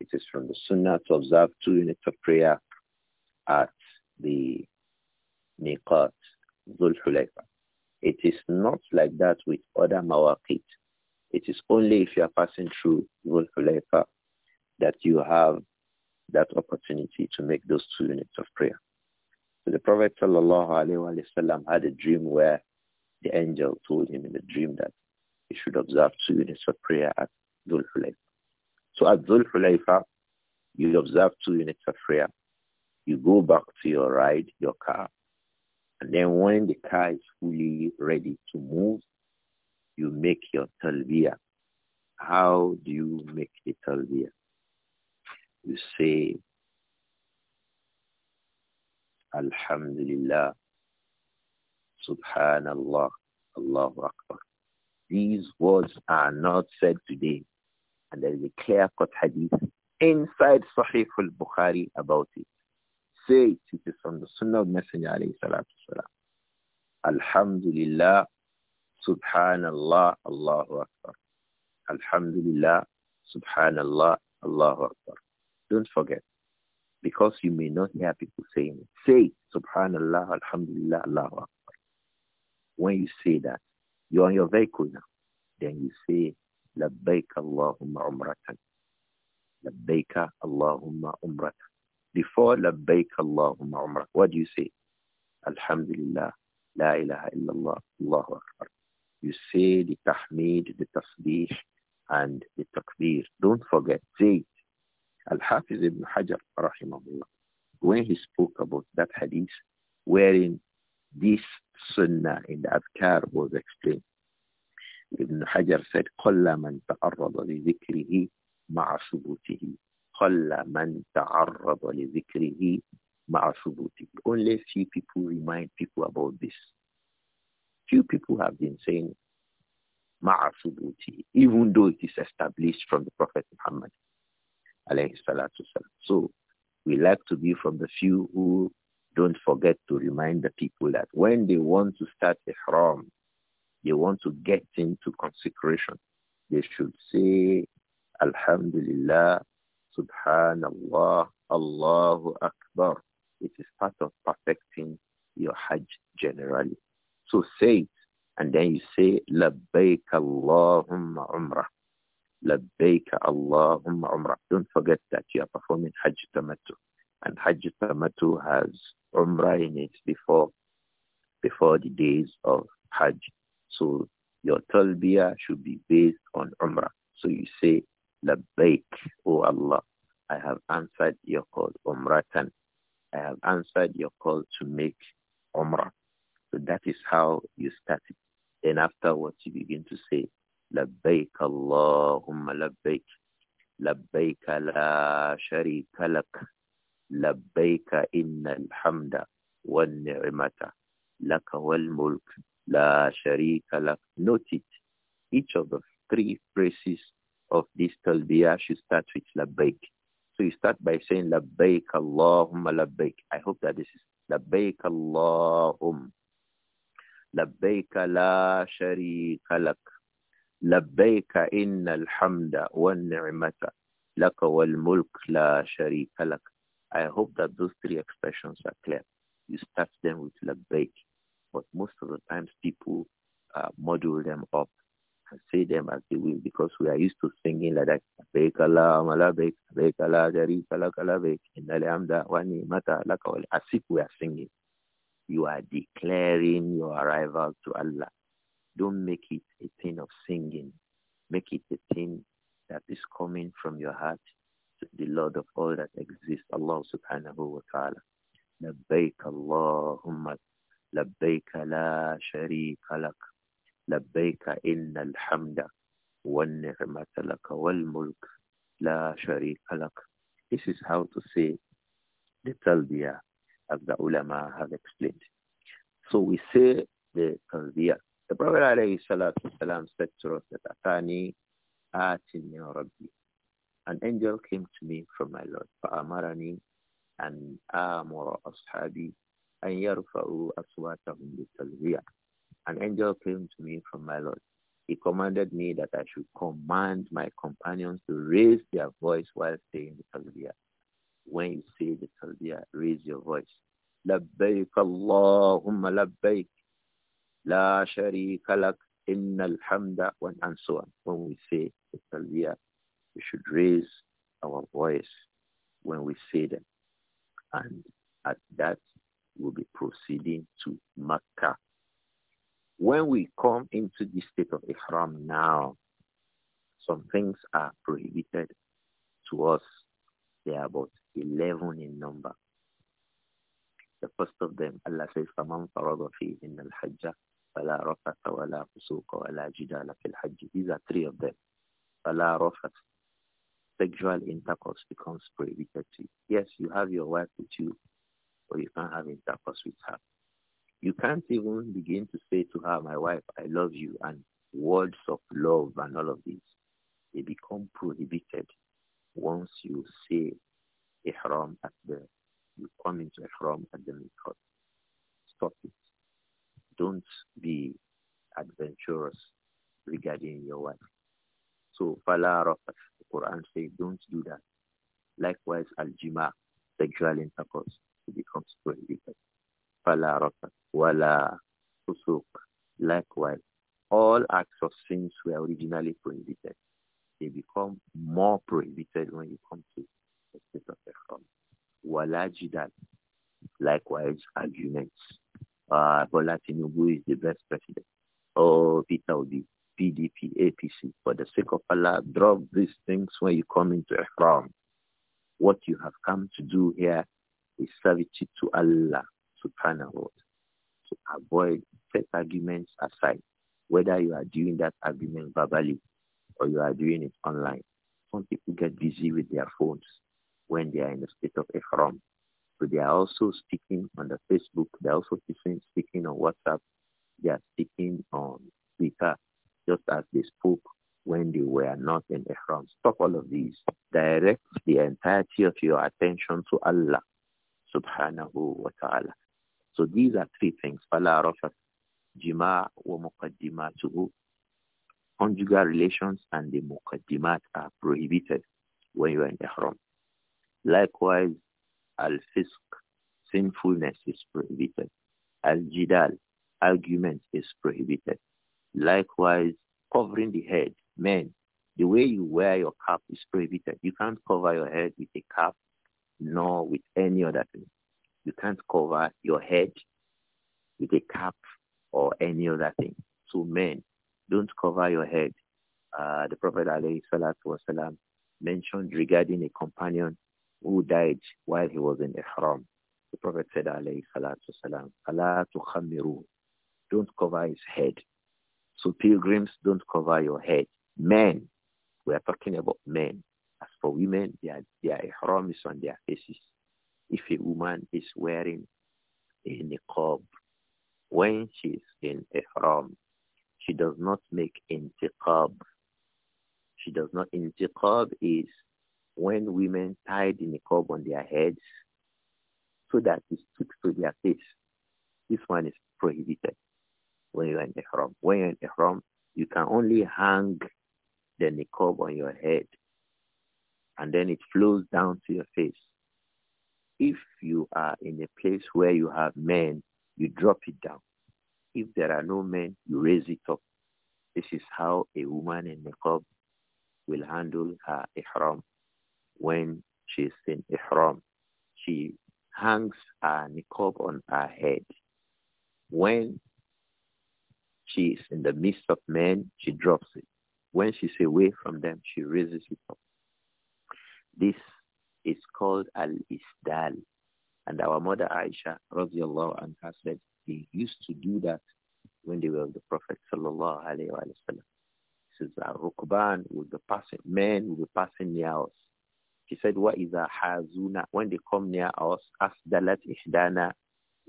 It is from the sunnah to observe two units of prayer at the miqat, Dhul It is not like that with other mawaqit. It is only if you are passing through Dhul that you have that opportunity to make those two units of prayer. So the Prophet sallallahu had a dream where the angel told him in a dream that he should observe two units of prayer at Dhul Hulayfa. So at Dhul Hulayfa, you observe two units of prayer. You go back to your ride, your car. And then when the car is fully ready to move, you make your talbiyah. How do you make the talbiyah? You say, Alhamdulillah, Subhanallah, Allahu Akbar. These words are not said today. And there is a clear-cut hadith inside Sahih al-Bukhari about it. Say it, it is from the Sunnah of Messenger alayhi salatu salam. Alhamdulillah, Subhanallah, Allahu Akbar. Alhamdulillah, Subhanallah, Allahu Akbar. Don't forget, because you may not hear people saying it. Say Subhanallah, Alhamdulillah, Allahu Akbar. When you say that, you're on your vehicle now. Then you say, لبيك Allahumma umratan." لبيك Allahumma umratan. Before لبيك Allahumma umratan, What do you say? Alhamdulillah, la ilaha illallah, Allahu Akbar. You say the tahmid, the tasbih and the takbir. Don't forget, say it. Al-Hafiz ibn Hajar, rahimahullah, when he spoke about that hadith, wherein this sunnah in the adhkar was explained. Ibn Hajar said, قَلَّ مَنْ تَعَرَّضَ لِذِكْرِهِ مَعَ ثُبُوتِهِ قَلَّ مَنْ تَعَرَّضَ لِذِكْرِهِ مَعَ ثُبُوتِهِ Only few people remind people about this. Few people have been saying مَعَ ثُبُوتِهِ even though it is established from the Prophet Muhammad. So we like to be from the few who don't forget to remind the people that when they want to start ihram, they want to get into consecration. They should say, Alhamdulillah, Subhanallah, Allahu Akbar. It is part of perfecting your Hajj generally. So say it, and then you say, Labbaik Allahumma Umrah. Labbaik Allahumma Umrah. Don't forget that you are performing Hajj Tamattu. And Hajj Tamattu has Umrah in it before, before the days of Hajj. So your talbiyah should be based on Umrah. each of the three phrases of this talbiyah should start with labbaik. So you start by saying labbaik Allahumma labbaik. I hope that this is labbaik Allahum. لبيك لا شريك لك لبيك إن الحمد والنعمة لك والملك لا شريك لك I hope that those three expressions are clear. You start them with labbaik, but most of the times people uh, model them up and say them as they will because we are used to singing like that. Labbaik Allahumma labbaik, sharika laka labbaik, innal hamda wa ni'mata laka As if we are singing. You are declaring your arrival to Allah. Don't make it a thing of singing. Make it a thing that is coming from your heart to the Lord of all that exists, Allah subhanahu wa ta'ala. Labbaik Allahumma labbaik la sharika laka لبيك إن الحمد والنعمة لك والملك لا شريك لك This is how to say the talbiya as the ulama have explained. So we say the talbiya. The Prophet alayhi salatu salam said to us that Atani atini rabbi. An angel came to me from my Lord. Fa'amarani an amura ashabi an yarfa'u aswatahum bi talbiyah. an angel came to me from my Lord. He commanded me that I should command my companions to raise their voice while saying the Talbiyah. When you say the Talbiyah, raise your voice. لبيك اللهم لبيك لا شريك لك إن الحمد and so on. When we say the Talbiyah, we should raise our voice when we say them. And at that, we'll be proceeding to Makkah when we come into the state of ihram now, some things are prohibited to us. They are about 11 in number. The first of them, Allah says, فَمَنْ فَرَضَ فِيهِ إِنَّ الْحَجَّ فَلَا رَفَثَ وَلَا فُسُوقَ وَلَا جِدَالَ فِي الْحَجِّ These are three of them. فَلَا رَفَثَ Sexual intercourse becomes prohibited to you. Yes, you have your wife with you, but you can't have intercourse with her. You can't even begin to say to her, my wife, I love you, and words of love and all of this They become prohibited once you say ihram at the, you come into ihram at the mikot. Stop it. Don't be adventurous regarding your wife. So, fala rafat, the Quran says, don't do that. Likewise, al-jima, sexual intercourse, it becomes prohibited. فَلَا رَفَثْ وَلَا Likewise, all acts of sins were originally prohibited. They become more prohibited when you come to the state of Ihram. Wala jidal, Likewise, arguments. Uh, Bola Tinubu is the best president. Oh, Peter Obi, PDP, APC. For the sake of Allah, drop these things when you come into Ihram. What you have come to do here is servitude to Allah subhanahu wa So avoid, set arguments aside, whether you are doing that argument verbally or you are doing it online. Some people get busy with their phones when they are in the state of ihram. So they are also speaking on the Facebook. They are also speaking on WhatsApp. They are speaking on Twitter, just as they spoke when they were not in ihram. Stop all of these. Direct the entirety of your attention to Allah subhanahu wa ta'ala. So these are three things. Fala rafat, jima wa muqaddimatuhu. Conjugal relations and the muqaddimat are prohibited when you are in ihram. Likewise, al-fisq, sinfulness is prohibited. Al-jidal, argument is prohibited. Likewise, covering the head, men, the way you wear your cap is prohibited. You can't cover your head with a cap nor with any other thing. You can't cover your head with a cap or any other thing. So men, don't cover your head. Uh, the Prophet wasalam, mentioned regarding a companion who died while he was in Ihram. The Prophet said, wasalam, don't cover his head. So pilgrims, don't cover your head. Men, we are talking about men. As for women, their, their ihram is on their faces if a woman is wearing a niqab when she is in ihram, she does not make intiqab. She does not intiqab is when women tie the niqab on their heads so that it sticks to their face. This one is prohibited when you are in ihram. When you're in ihram, you can only hang the niqab on your head and then it flows down to your face if you are in a place where you have men, you drop it down. If there are no men, you raise it up. This is how a woman in niqab will handle her ihram. When she is in ihram, she hangs her niqab on her head. When she is in the midst of men, she drops it. When she's away from them, she raises it up. This is called al-isdal. And our mother Aisha, radiallahu anha, said he used to do that when they were with the Prophet, sallallahu alayhi wa sallam. He says, al-rukban ah, with the passing, men will be passing near us. He said, what is a hazuna? When they come near us, asdalat ihdana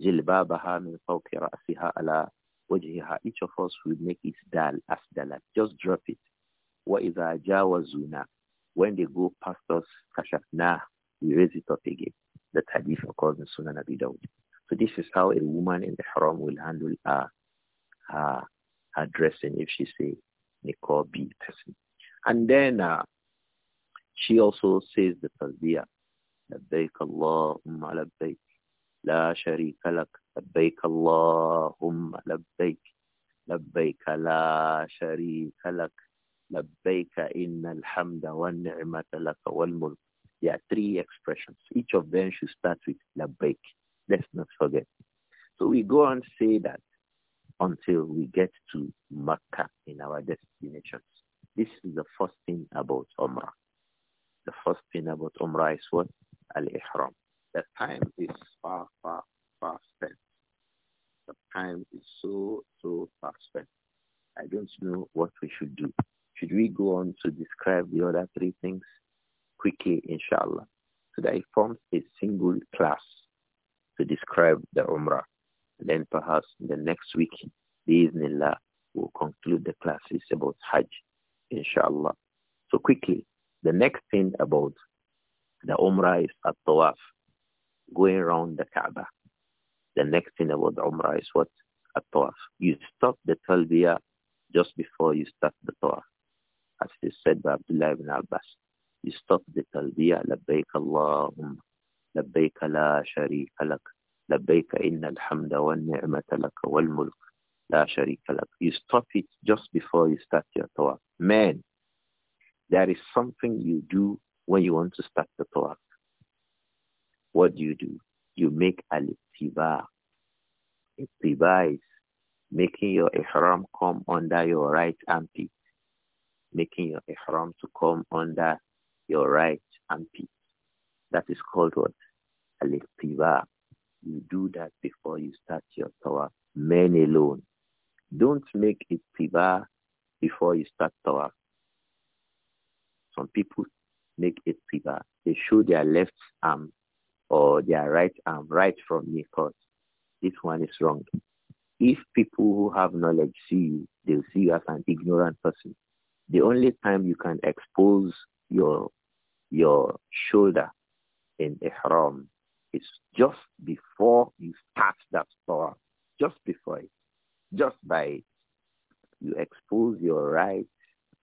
jilbabaha min fawki ra'siha ala wajhiha. Each of us will make isdal, asdalat. Just drop it. What is a jawazuna? When they go past us, kashafna, we raise it up again. That hadith occurs in Sunan Abi So this is how a woman in the haram will handle her, her, her dressing if she say nikah niqabi person. And then uh, she also says the tasbih, لبيك اللهم لبيك لا شريك لك لبيك اللهم لبيك لبيك لا شريك لك لبيك إن الحمد والنعمة لك والملك There are three expressions. Each of them should start with labbaik. Let's not forget. So we go and say that until we get to Makkah in our destinations. This is the first thing about Umrah. The first thing about Umrah is what? Al-Ihram. The time is far, far, far spent. The time is so, so far spent. I don't know what we should do. Should we go on to describe the other three things quickly, inshallah, so that it forms a single class to describe the Umrah. And then perhaps the next week, Bismillah, we'll conclude the classes about Hajj, inshallah. So quickly, the next thing about the Umrah is at Tawaf, going around the Kaaba. The next thing about the Umrah is what? At Tawaf. You stop the Talbiyah just before you start the Tawaf as is said by Abdullah ibn Abbas, you stop the talbiyah, labbaik Allahumma, labbaik la sharika lak, labbaik inna alhamda wa ni'mata lak wal mulk, la sharika lak. You stop it just before you start your talk. Man, there is something you do when you want to start the talk. What do you do? You make al-tiba. Tiba is making your ihram come under your right armpit making your ihram to come under your right armpit. That is called what? Al-Ihtiba. You do that before you start your tawaf. Men alone. Don't make it tiba before you start tawaf. Some people make it tiba. They show their left arm or their right arm right from because This one is wrong. If people who have knowledge see you, they'll see you as an ignorant person. The only time you can expose your your shoulder in ihram is just before you start that tawaf, just before it, just by You expose your right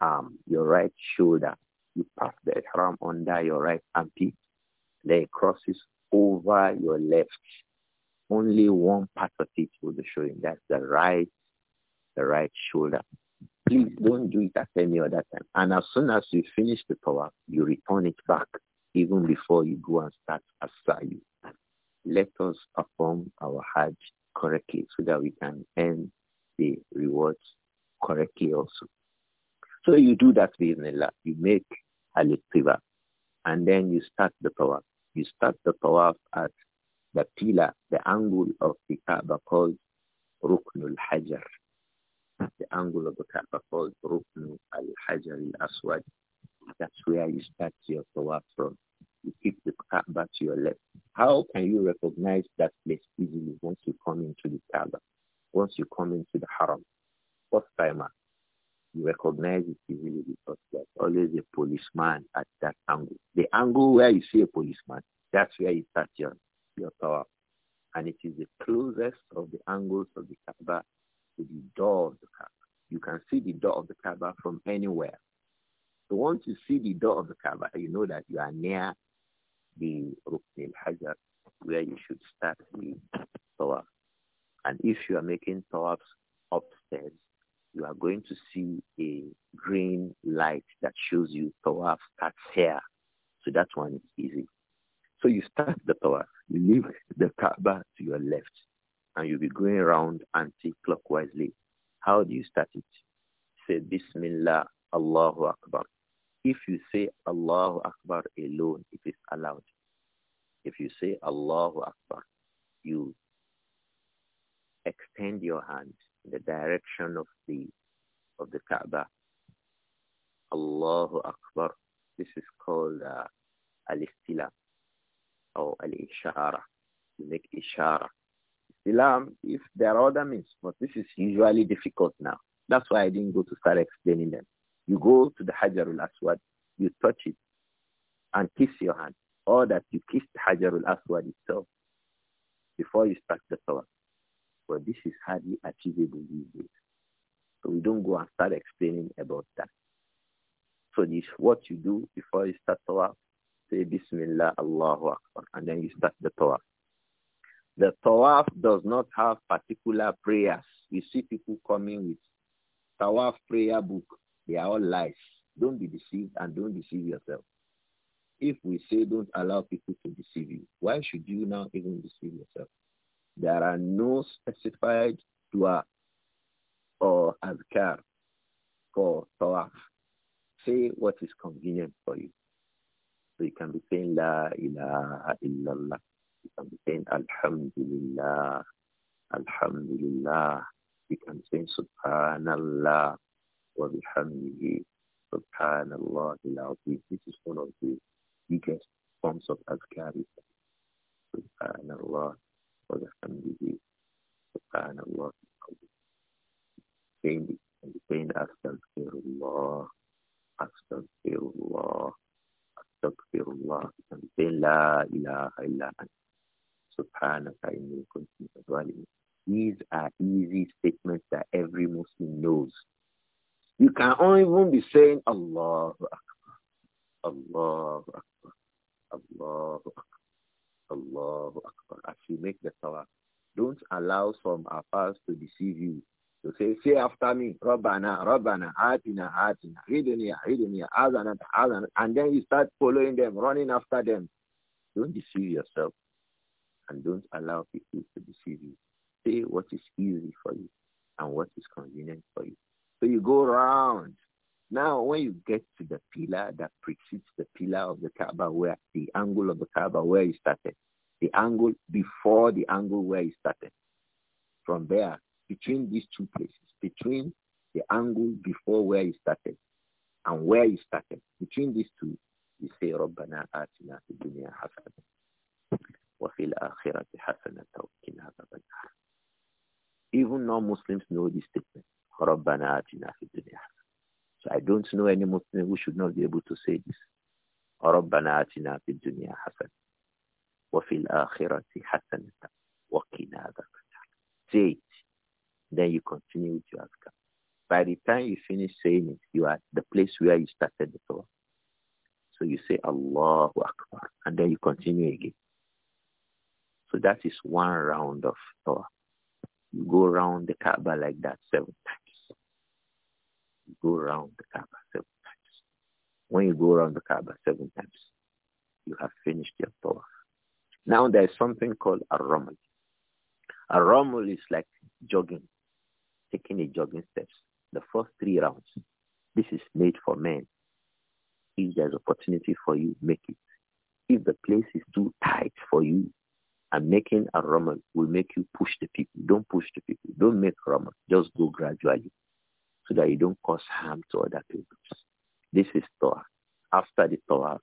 arm, your right shoulder. You pass the ihram under your right armpit. Then it crosses over your left. Only one part of it will be showing. That's the right, the right shoulder. Please don't do it at any other time. And as soon as you finish the power, you return it back even before you go and start asayu. Let us perform our Hajj correctly so that we can earn the rewards correctly also. So you do that bismillah. You make al-ittiba. And then you start the power. You start the power at the pillar, the angle of the Kaaba called Ruknul Hajar at the angle of the Kaaba called Rukn al-Hajar al-Aswad. That's where you start your tawaf from. You keep the Kaaba to your left. How can you recognize that place easily once you come into the Kaaba? Once you come into the Haram, first time, you recognize it easily because there's always a policeman at that angle. The angle where you see a policeman, that's where you start your, your tawaf. And it is the closest of the angles of the Kaaba to the door of the Kaaba. You can see the door of the Kaaba from anywhere. So once you see the door of the Kaaba, you know that you are near the Rukn al-Hajar where you should start the tawaf. And if you are making tawafs upstairs, you are going to see a green light that shows you tawaf starts here. So that one is easy. So you start the tawaf. You leave the Kaaba to your left and you'll be going around anti-clockwisely. How do you start it? Say Bismillah, Allahu Akbar. If you say Allahu Akbar alone, it is allowed. If you say Allahu Akbar, you extend your hand in the direction of the of the Kaaba. Allahu Akbar. This is called uh, al-istila or al-ishara. You make ishara Islam if there are other means, but this is usually difficult now. That's why I didn't go to start explaining them. You go to the Hajarul Aswad, you touch it and kiss your hand, or that you kiss the Hajarul Aswad itself before you start the Tawaf. But this is hardly achievable these days. So we don't go and start explaining about that. So this what you do before you start Tawaf, say Bismillah, Allahu Akbar, and then you start the Tawaf. The tawaf does not have particular prayers. You see people coming with tawaf prayer book. They are all lies. Don't be deceived and don't deceive yourself. If we say don't allow people to deceive you, why should you now even deceive yourself? There are no specified dua or azkar for tawaf. Say what is convenient for you. So you can be saying la ilaha illallah can be saying Alhamdulillah, Alhamdulillah. We can say Subhanallah wa bihamdihi, Subhanallah al-Azim. This is one of the biggest forms of Azkari. Subhanallah wa bihamdihi, Subhanallah al-Azim. Saying this and saying Astaghfirullah, Astaghfirullah, Astaghfirullah. And saying La ilaha illa anta. subhanaka inni kuntu These are easy statements that every Muslim knows. You can only even be saying Allahu Akbar, Allahu Akbar, Allahu Akbar, Allahu Akbar. As you make the salah, don't allow some affairs to deceive you. So say, say after me, Rabbana, Rabbana, Atina, Atina, Riduniya, Riduniya, Adana, Adana, and then you start following them, running after them. Don't deceive yourself and don't allow people to deceive you. Say what is easy for you and what is convenient for you. So you go round. Now, when you get to the pillar that precedes the pillar of the Kaaba, where the angle of the Kaaba where you started, the angle before the angle where you started, from there, between these two places, between the angle before where you started and where you started, between these two, you say, رَبَّنَا آتِنَا وَفِي الْآخِرَةِ حَسَنَةً وَقِنَا عَذَابَ النَّارِ Even non-Muslims know this statement. رَبَّنَا آتِنَا فِي الدُّنْيَا So I don't know any Muslim who should not be able to say this. رَبَّنَا آتِنَا فِي الدُّنْيَا حَسَنَةً وَفِي الْآخِرَةِ حَسَنَةً وَقِنَا عَذَابَ النَّارِ Say it. Then you continue with your askar. By the time you finish saying it, you are at the place where you started the Torah. So you say Allahu Akbar and then you continue again. So that is one round of tawaf. You go around the Kaaba like that seven times. You go around the Kaaba seven times. When you go around the Kaaba seven times, you have finished your tawaf. Now there is something called a ramal. A ramal is like jogging, taking a jogging steps. The first three rounds. This is made for men. If there's opportunity for you, make it. If the place is too tight for you, and making a ramad will make you push the people. Don't push the people. Don't make ramad. Just go gradually so that you don't cause harm to other people. This is Tawaf. After the Tawaf,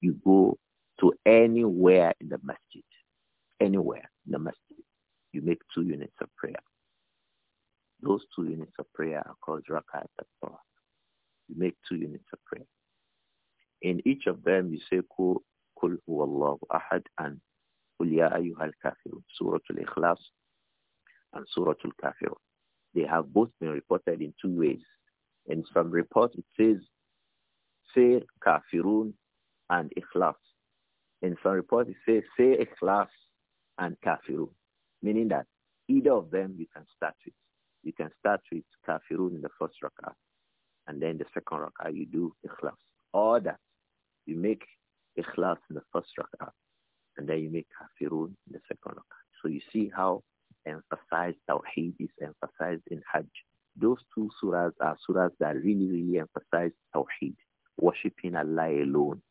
you go to anywhere in the masjid. Anywhere in the masjid. You make two units of prayer. Those two units of prayer are called Rakat at You make two units of prayer. In each of them, you say, Kul, Kul Huwallahu Ahad and قُلْ يَا أَيُّهَا الْكَافِرُونَ al and Surah Al-Kafirun. They have both been reported in two ways. In some reports, it says, say Kafirun and Ikhlas. In some reports, it says, say Ikhlas and Kafirun, meaning that either of them you can start with. You can start with Kafirun in the first rak'ah, and then the second rak'ah you do Ikhlas. Or that you make Ikhlas in the first rak'ah, and then you make kafirun in the second rak'ah. So you see how emphasized tawheed is emphasized in Hajj. Those two surahs are surahs that really, really emphasize tawheed, worshipping Allah alone.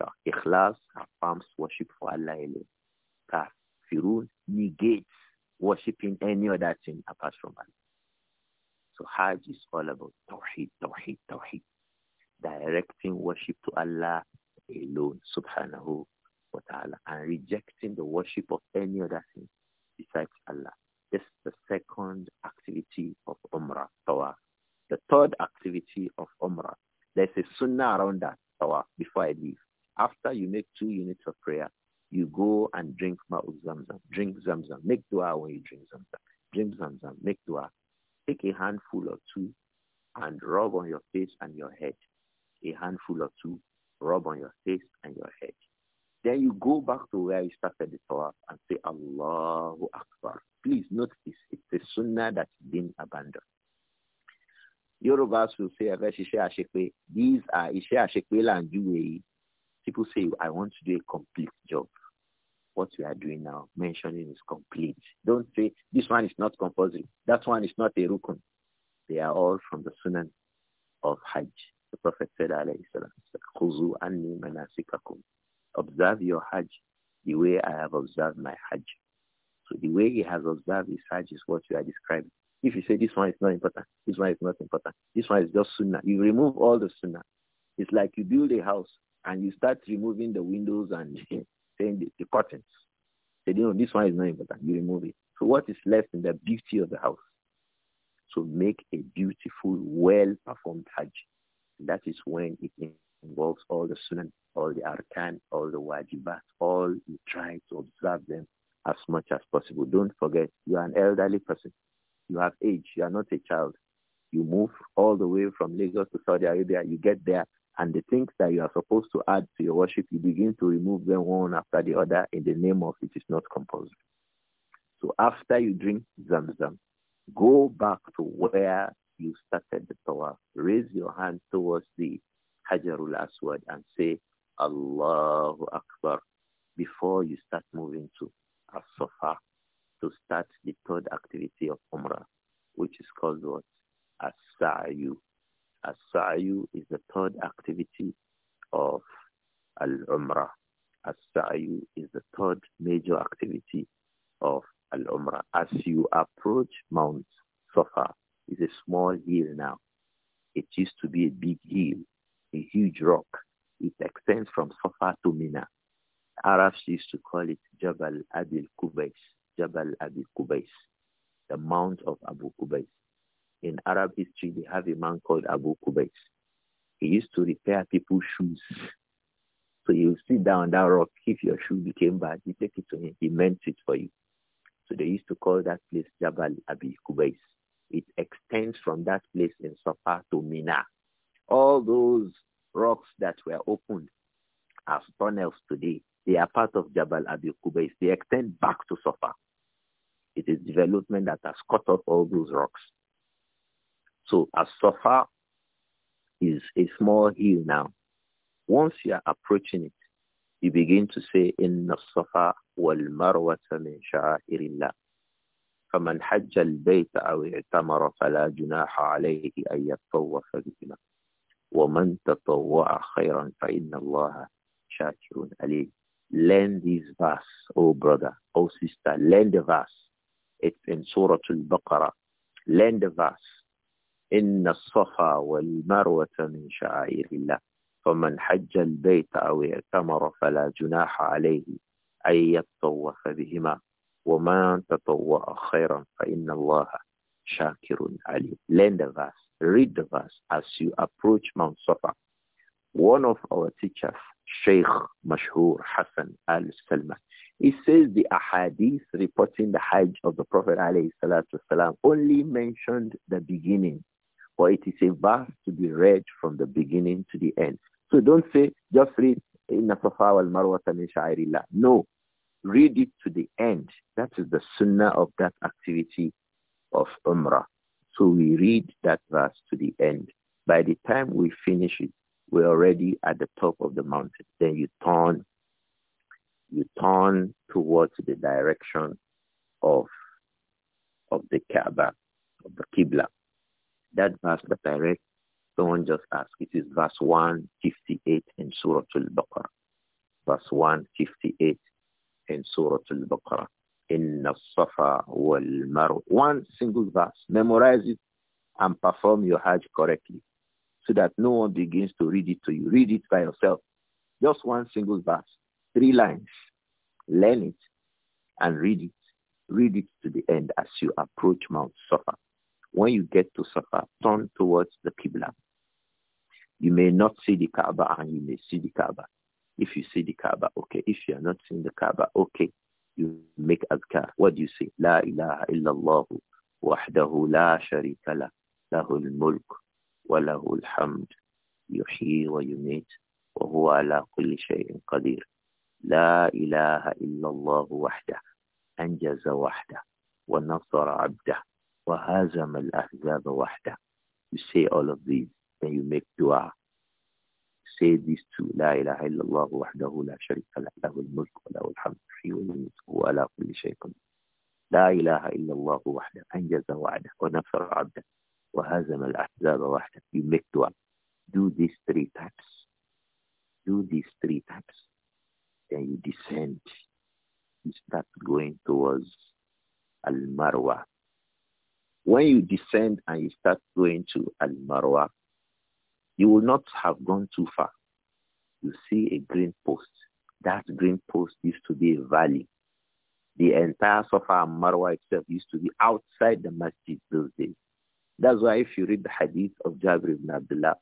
So, ikhlas affirms worship for Allah alone. Kafirun negates worshipping any other thing apart from Allah. So Hajj is all about tawheed, tawheed, tawheed. Directing worship to Allah alone, subhanahu wa ta'ala and rejecting the worship of any other thing besides Allah. This is the second activity of Umrah, Tawaf. The third activity of Umrah, there's a sunnah around that, Tawaf, before I leave. After you make two units of prayer, you go and drink Ma'u Zamzam. Drink Zamzam. Make dua when you drink Zamzam. Drink Zamzam. Make dua. Take a handful or two and rub on your face and your head. A handful or two, rub on your face and your head. Then you go back to where you started the Tawaf and say, Allahu Akbar. Please notice, this. It's a sunnah that's been abandoned. Yorubas will say, these are Ishe Ashekwe and UAE. People say, I want to do a complete job. What we are doing now, mentioning is complete. Don't say, this one is not compulsory. That one is not a rukun. They are all from the sunnah of Hajj. The Prophet said, alayhi salam, observe your Hajj the way I have observed my Hajj. So the way he has observed his Hajj is what you are describing. If you say this one is not important, this one is not important, this one is just sunnah, you remove all the sunnah. It's like you build a house and you start removing the windows and saying the, the curtains. Say, you know, this one is not important, you remove it. So what is left in the beauty of the house? So make a beautiful, well-performed Hajj. That is when it involves all the sunnah, all the arkan, all the wajibat, all you try to observe them as much as possible. Don't forget, you are an elderly person. You have age. You are not a child. You move all the way from Lagos to Saudi Arabia. You get there, and the things that you are supposed to add to your worship, you begin to remove them one after the other in the name of it is not compulsory. So after you drink Zamzam, go back to where you started the tawaf. Raise your hand towards the Hajarul Aswad and say Allahu Akbar before you start moving to As-Safa to start the third activity of Umrah, which is called what? As-Sa'yu. As-Sa'yu is the third activity of Al-Umrah. As-Sa'yu is the third major activity of Al-Umrah. As you approach Mount Safa, it's a small hill now. It used to be a big hill a huge rock. It extends from Safa to Mina. Arabs used to call it Jabal Abil Kubais, Jabal Abil Kubais, the Mount of Abu Kubais. In Arab history, they have a man called Abu Kubais. He used to repair people's shoes. So you sit down on that rock. If your shoe became bad, you take it to him. He mends it for you. So they used to call that place Jabal Abi Kubais. It extends from that place in Safa to Mina. All those rocks that were opened as tunnels today, they are part of Jabal Abu Qubais. They extend back to Safa. It is development that has cut off all those rocks. So as Safa is a small hill now, once you are approaching it, you begin to say, in Safa wal Marwa min sha'irillah. فمن حج البيت أو اعتمر فلا جناح عليه أن يتطوف بهما وَمَنْ تَطَوَّعَ خَيْرًا فَإِنَّ اللَّهَ شَاكِرٌ عَلِيمٌ Learn this verse, oh brother, oh sister, learn the verse. It's in Surah Al-Baqarah. Learn the verse. إِنَّ الصَّفَا وَالْمَرْوَةَ مِنْ شَعَائِرِ اللَّهِ فمن حج البيت أو اعتمر فلا جناح عليه أن يَطَّوَّفَ بهما ومن تطوع خيرا فإن الله شاكر عليم. Learn the verse. Read the verse as you approach Mount Safa. One of our teachers, Sheikh Mashhur Hassan al Salma, he says the ahadith reporting the Hajj of the Prophet والسلام, only mentioned the beginning, or it is a verse to be read from the beginning to the end. So don't say, just read in Safa wal Marwata min Sha'irillah. No, read it to the end. That is the sunnah of that activity of Umrah. So we read that verse to the end. By the time we finish it, we're already at the top of the mountain. Then you turn, you turn towards the direction of of the Kaaba, of the Qibla. That verse that I read, someone just asked. It is verse 158 in Surah Al-Baqarah. Verse 158 in Surah Al-Baqarah in Safa wal Marwa. One single verse. Memorize it and perform your Hajj correctly so that no one begins to read it to you. Read it by yourself. Just one single verse. Three lines. Learn it and read it. Read it to the end as you approach Mount Safa. When you get to Safa, turn towards the Qibla. You may not see the Kaaba and you may see the Kaaba. If you see the Kaaba, okay. If you are not seeing the Kaaba, okay. you make adhkar. What do you say? La ilaha illallah wahdahu la sharika la lahul mulk wa lahul hamd yuhyi wa yumit wa huwa ala kulli shay'in qadir. لا إله إلا الله وحده أنجز وحده ونصر عبده وهزم الأحزاب وحده You say all of these, and you make dua say these two, La ilaha illallah wahdahu la sharika lah, له mulk wa lahul hamd, yumitu wa ala kulli shaykhun. لا إله إلا الله وحده أنجز وعده ونصر عبده وهزم الأحزاب وحده you make dua do these three types do these three types then you descend you start going towards Al-Marwa when you descend and you start going to Al-Marwa you will not have gone too far. You see a green post. That green post used to be a valley. The entire Safa and Marwa itself used to be outside the masjid those days. That's why if you read the hadith of Jabir ibn Abdullah,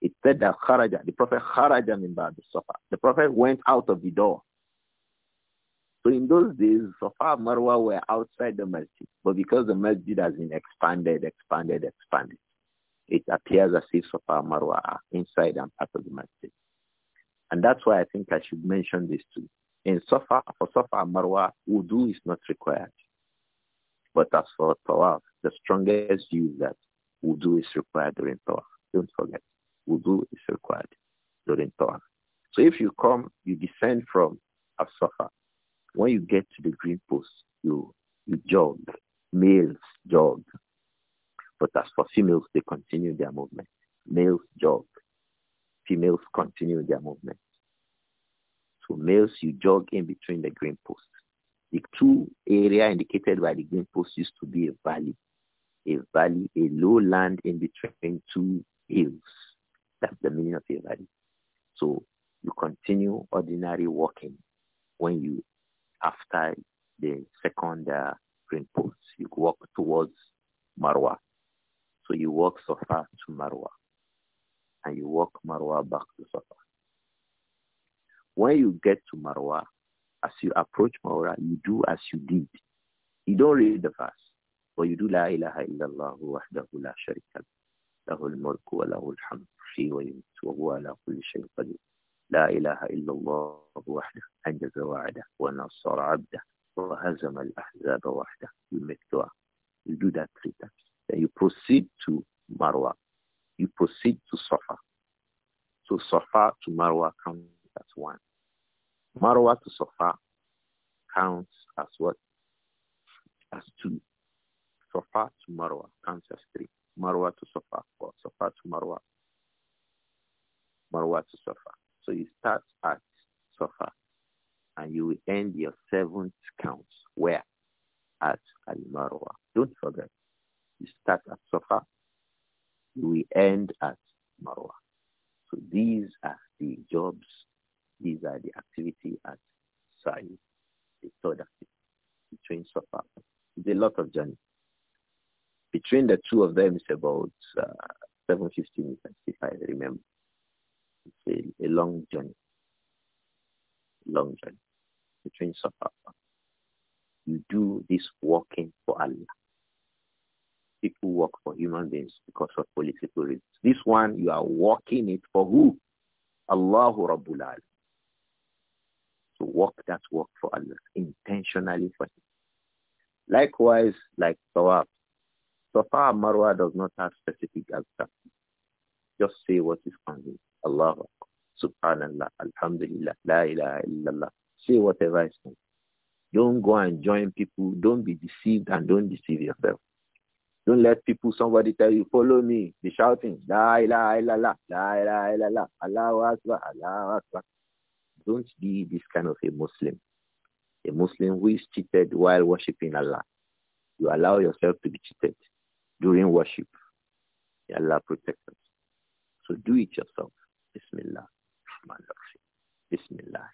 it said that kharaja, the Prophet kharaja min ba'd Safa. The Prophet went out of the door. So in those days, Safa and Marwa were outside the masjid. But because the masjid has been expanded, expanded, expanded, it appears as if Safa Marwa are inside and part of the masjid. And that's why I think I should mention this too. In Safa, for Safa Marwa, wudu is not required. But as for Tawaf, the strongest view that wudu is required during Tawaf. Don't forget, wudu is required during Tawaf. So if you come, you descend from As-Safa. When you get to the green post, you, you jog, males jog, but as for females, they continue their movement. Males jog. Females continue their movement. So males, you jog in between the green posts. The two area indicated by the green post used to be a valley. A valley, a low land in between two hills. That's the meaning of a valley. So you continue ordinary walking when you, after the second uh, green post, you walk towards Marwa. So you walk Safa to Marwa. And you walk Marwa back to Safa. When you get to Marwa, as you approach Marwa, you do as you did. You don't read the verse, but you do La ilaha illallah wahdahu la sharika له الملك وله الحمد في ويمت وهو على كل شيء قدير لا إله إلا الله وحده أنجز وعده ونصر عبده وهزم الأحزاب وحده You make dua. You do that three times. Then you proceed to Marwa. You proceed to Safa. So Safa to Marwa counts as one. Marwa to Safa counts as what? As two. Safa to Marwa counts as three. Marwa to Safa four. Safa to Marwa. Marwa to Safa. So you start at Safa and you will end your seventh count. Where? At Al Marwa. Don't forget. You start at Safa, we end at Marwa. So these are the jobs, these are the activity at Sa'i, the third activity between Safa. It's a lot of journey. Between the two of them, it's about uh, 750 meters, if I remember. It's a, a long journey. Long journey between Safa. You do this walking for Allah people work for human beings because of political reasons. This one, you are working it for who? Allahu Rabbul Al. So work that work for Allah, intentionally for Him. Likewise, like Tawaf, Safa Marwa does not have specific answer. Just say what is on Allah Allahu Subhanallah, Alhamdulillah, La ilaha illallah. Say whatever is on Don't go and join people. Don't be deceived and don't deceive yourself. Don't let people, somebody tell you, follow me. Be shouting, la ilaha illallah, la ilaha illallah, Allah Akbar, Allah Akbar. Don't be this kind of a Muslim. A Muslim who is cheated while worshipping Allah. You allow yourself to be cheated during worship. Allah protect us. So do it yourself. Bismillah. Bismillah.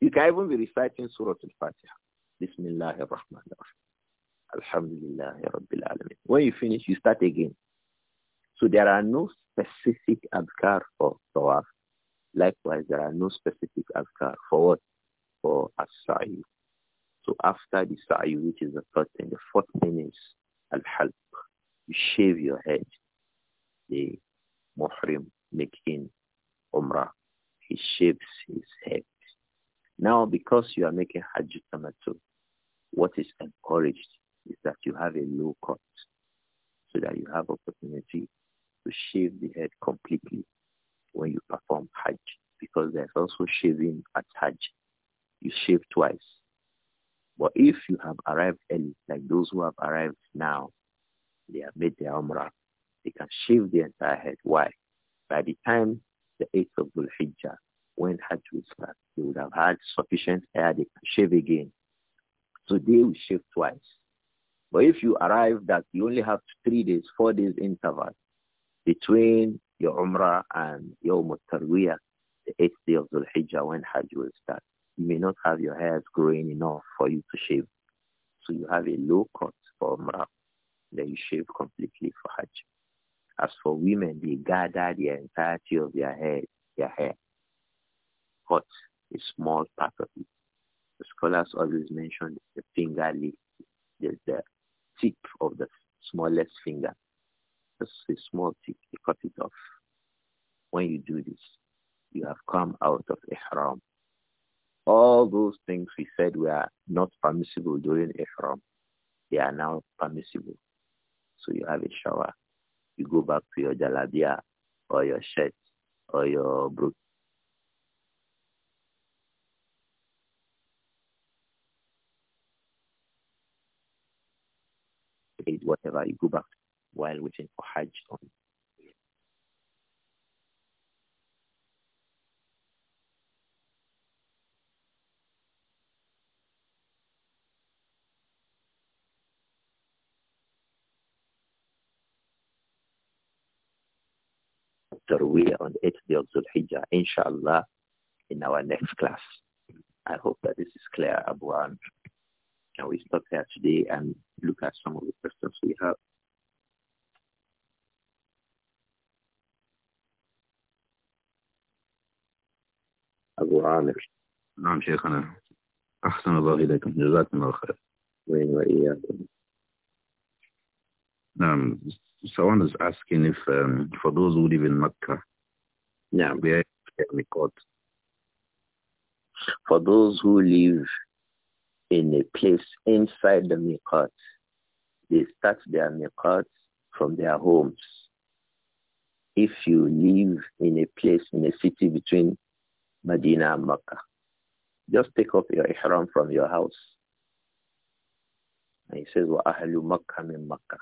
You can even be reciting Surah Al-Fatiha. Bismillah ar-Rahman Alhamdulillah, Rabbil Alameen. When you finish, you start again. So there are no specific adhkar for tawaf. Likewise, there are no specific adhkar for what? For as-sa'i. So after the sa'i, which is the first thing, the fourth thing is al-halq. You shave your head. The muhrim making umrah, he shaves his head. Now, because you are making hajj tamattu, what is encouraged have a low cut so that you have opportunity to shave the head completely when you perform Hajj because there's also shaving at Hajj. You shave twice. But if you have arrived early, like those who have arrived now, they have made their Umrah, they can shave the entire head. Why? By the time the 8th of Dhul Hijjah, when Hajj will start, they would have had sufficient hair they can shave again. So they will shave twice. But if you arrive that you only have three days, four days interval between your Umrah and your Mutarwiyah, the eighth day of Dhul Hijjah when Hajj will start, you may not have your hairs growing enough for you to shave. So you have a low cut for Umrah. Then you shave completely for Hajj. As for women, they gather the entirety of their hair, their hair, cut a small part of it. The scholars always mention the finger length. There's the tip of the smallest finger. Just a small tip, you cut it off. When you do this, you have come out of ihram. All those things we said were not permissible during ihram. They are now permissible. So you have a shower. You go back to your jalabia or your shirt or your whatever, you go back while waiting for Hajj on Tarwiyah on the 8th day of Zulhijjah, inshallah, in our next class. I hope that this is clear, Abu Amr. Can we stop here today and look at some of the questions we have? أبو عامر نعم شيخنا أحسن الله إليكم جزاكم الله خير وين وإياكم نعم someone is asking if um, for those who live in Mecca نعم where is the for those who live in a place inside the miqat. They start their miqat from their homes. If you live in a place, in a city between Medina and Makkah, just take up your ihram from your house. And he says, Wa ahlu Makkah min Makkah.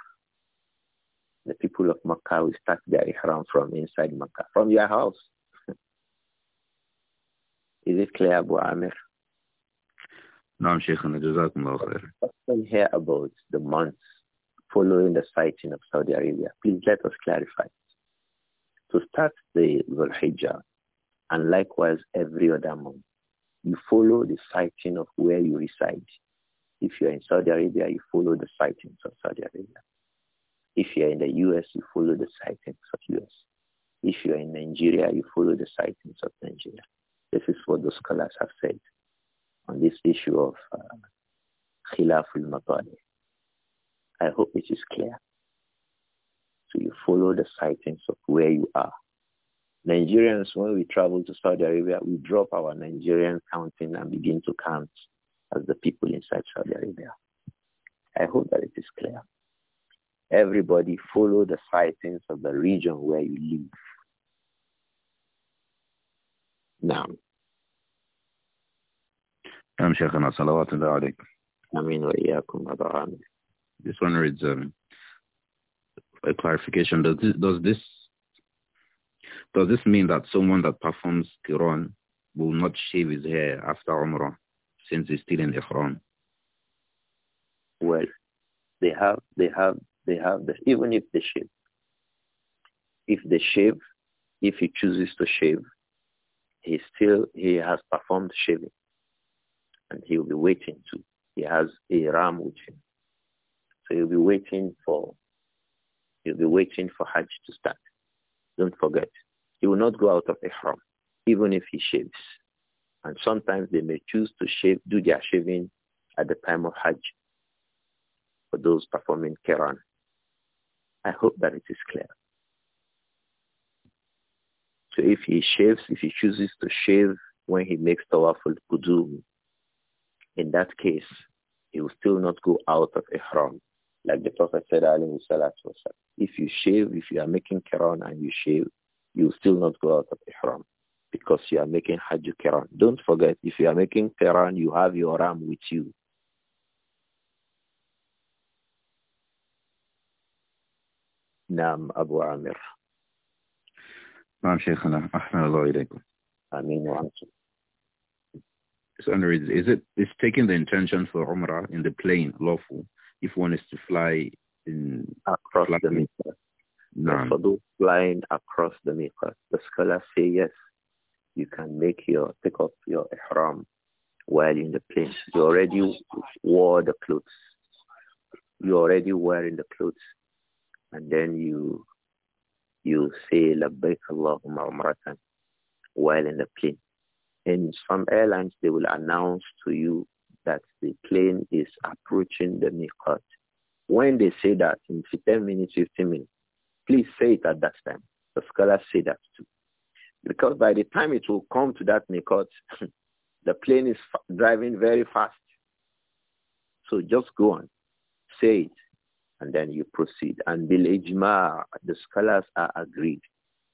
The people of Makkah will start their ihram from inside Makkah, from your house. Is it clear, Abu Amir? Naam, Shaykhana, Jazakumullah The about the months following the sighting of Saudi Arabia. Please let us clarify. To start the Dhul Hijjah, and likewise every other month, you follow the sighting of where you reside. If you're in Saudi Arabia, you follow the sightings of Saudi Arabia. If you're in the U.S., you follow the sightings of U.S. If you're in Nigeria, you follow the sightings of Nigeria. This is what the scholars have said on this issue of uh, I hope it is clear. So you follow the sightings of where you are. Nigerians, when we travel to Saudi Arabia, we drop our Nigerian counting and begin to count as the people inside Saudi Arabia. I hope that it is clear. Everybody follow the sightings of the region where you live. Now, نعم شيخنا صلوات الله عليك أمين وإياكم أبا This one reads um, a clarification. Does this, does this does this mean that someone that performs Quran will not shave his hair after Umrah since he's still in the Ihram? Well, they have, they have, they have, the, even if they shave. If they shave, if he chooses to shave, he still, he has performed shaving and he'll be waiting to. He has a ram with him. So he'll be waiting for he'll be waiting for Hajj to start. Don't forget. He will not go out of Ihram, even if he shaves. And sometimes they may choose to shave, do their shaving at the time of Hajj for those performing Quran. I hope that it is clear. So if he shaves, if he chooses to shave when he makes Tawaful Qudum, in that case, he will still not go out of ihram. Like the Prophet said, if you shave, if you are making kiran and you shave, you will still not go out of ihram because you are making hajj kiran. Don't forget, if you are making kiran, you have your ram with you. Nam Abu Amir. نعم شيخنا أحسن الله إليكم آمين it's Is it? It's taking the intention for Umrah in the plane lawful if one is to fly in across fly, the Mecca? No. For those flying across the miqat, the scholars say yes, you can make your take off your ihram while in the plane. You already wore the clothes. You already wearing the clothes, and then you you say labbaik Allahumma umratan while in the plane. And some airlines, they will announce to you that the plane is approaching the miqat. When they say that in 10 minutes, 15 minutes, please say it at that time. The scholars say that too. Because by the time it will come to that miqat, the plane is driving very fast. So just go on, say it, and then you proceed. And bil ijma, the scholars are agreed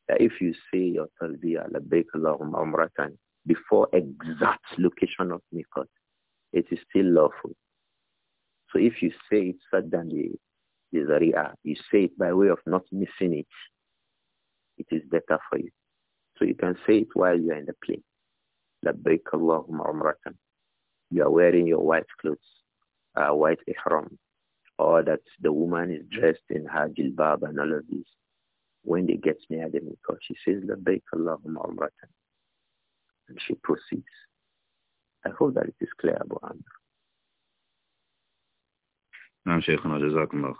that if you say your talbiyah, labbaik Allahumma umratan, before exact location of miqat, it is still lawful. So if you say it saddan the, the zaria, you say it by way of not missing it, it is better for you. So you can say it while you are in the plane. لبيك اللهم عمرة. You are wearing your white clothes, uh, white ihram, or that the woman is dressed in her jilbab and all of this. When they get near the mikot, she says, لبيك اللهم عمرة. And she proceeds. I hope that it is clear, Abu Amr. am شيخنا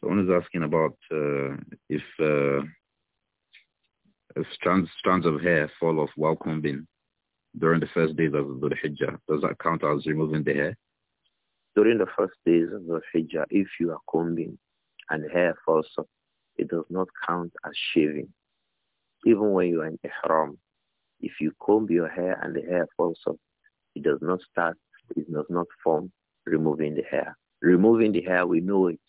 Someone is asking about uh, if uh, if strands, strands of hair fall off while combing during the first days of the Hijjah, does that count as removing the hair? During the first days of the Hijjah, if you are combing and hair falls off, it does not count as shaving. Even when you are in ihram, if you comb your hair and the hair falls off, it does not start, it does not form removing the hair. Removing the hair, we know it.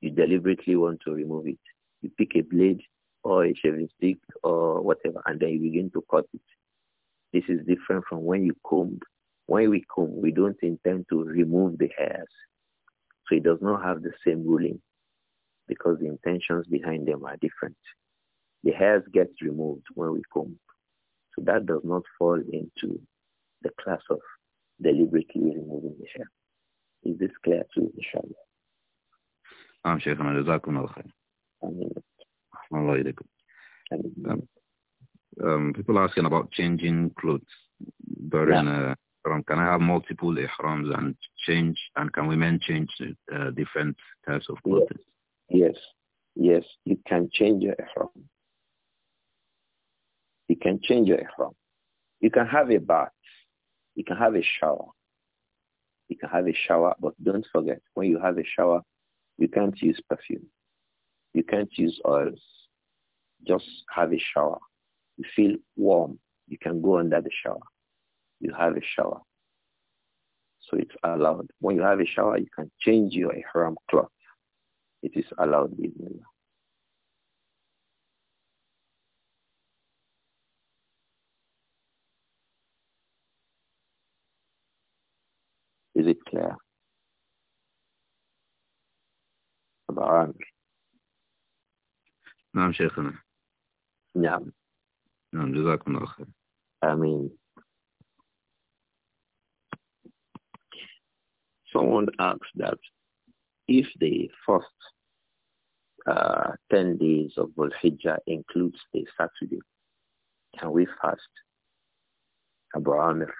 You deliberately want to remove it. You pick a blade or a shaving stick or whatever, and then you begin to cut it. This is different from when you comb. When we comb, we don't intend to remove the hairs. So it does not have the same ruling because the intentions behind them are different. The hairs get removed when we comb. So that does not fall into the class of deliberately removing the hair. Is this clear to you, inshallah? نعم شيخنا جزاكم الله خير. آمين. الله um, people are asking about changing clothes during yeah. Uh, can I have multiple ihrams and change, and can women change uh, different types of clothes? Yes. yes, yes, you can change your ihram. You can change your ihram. You can have a bath. You can have a shower. You can have a shower, but don't forget, when you have a shower, you can't use perfume. You can't use oils. Just have a shower. You feel warm. You can go under the shower. You have a shower. So it's allowed. When you have a shower, you can change your ihram cloth. It is allowed, bismillah. Is it clear? About Amir. نعم شيخنا نعم نعم جزاكم الله خير آمين Someone asks that if the first uh, 10 days of Dhul-Hijjah includes a Saturday, can we fast? Abu Amir.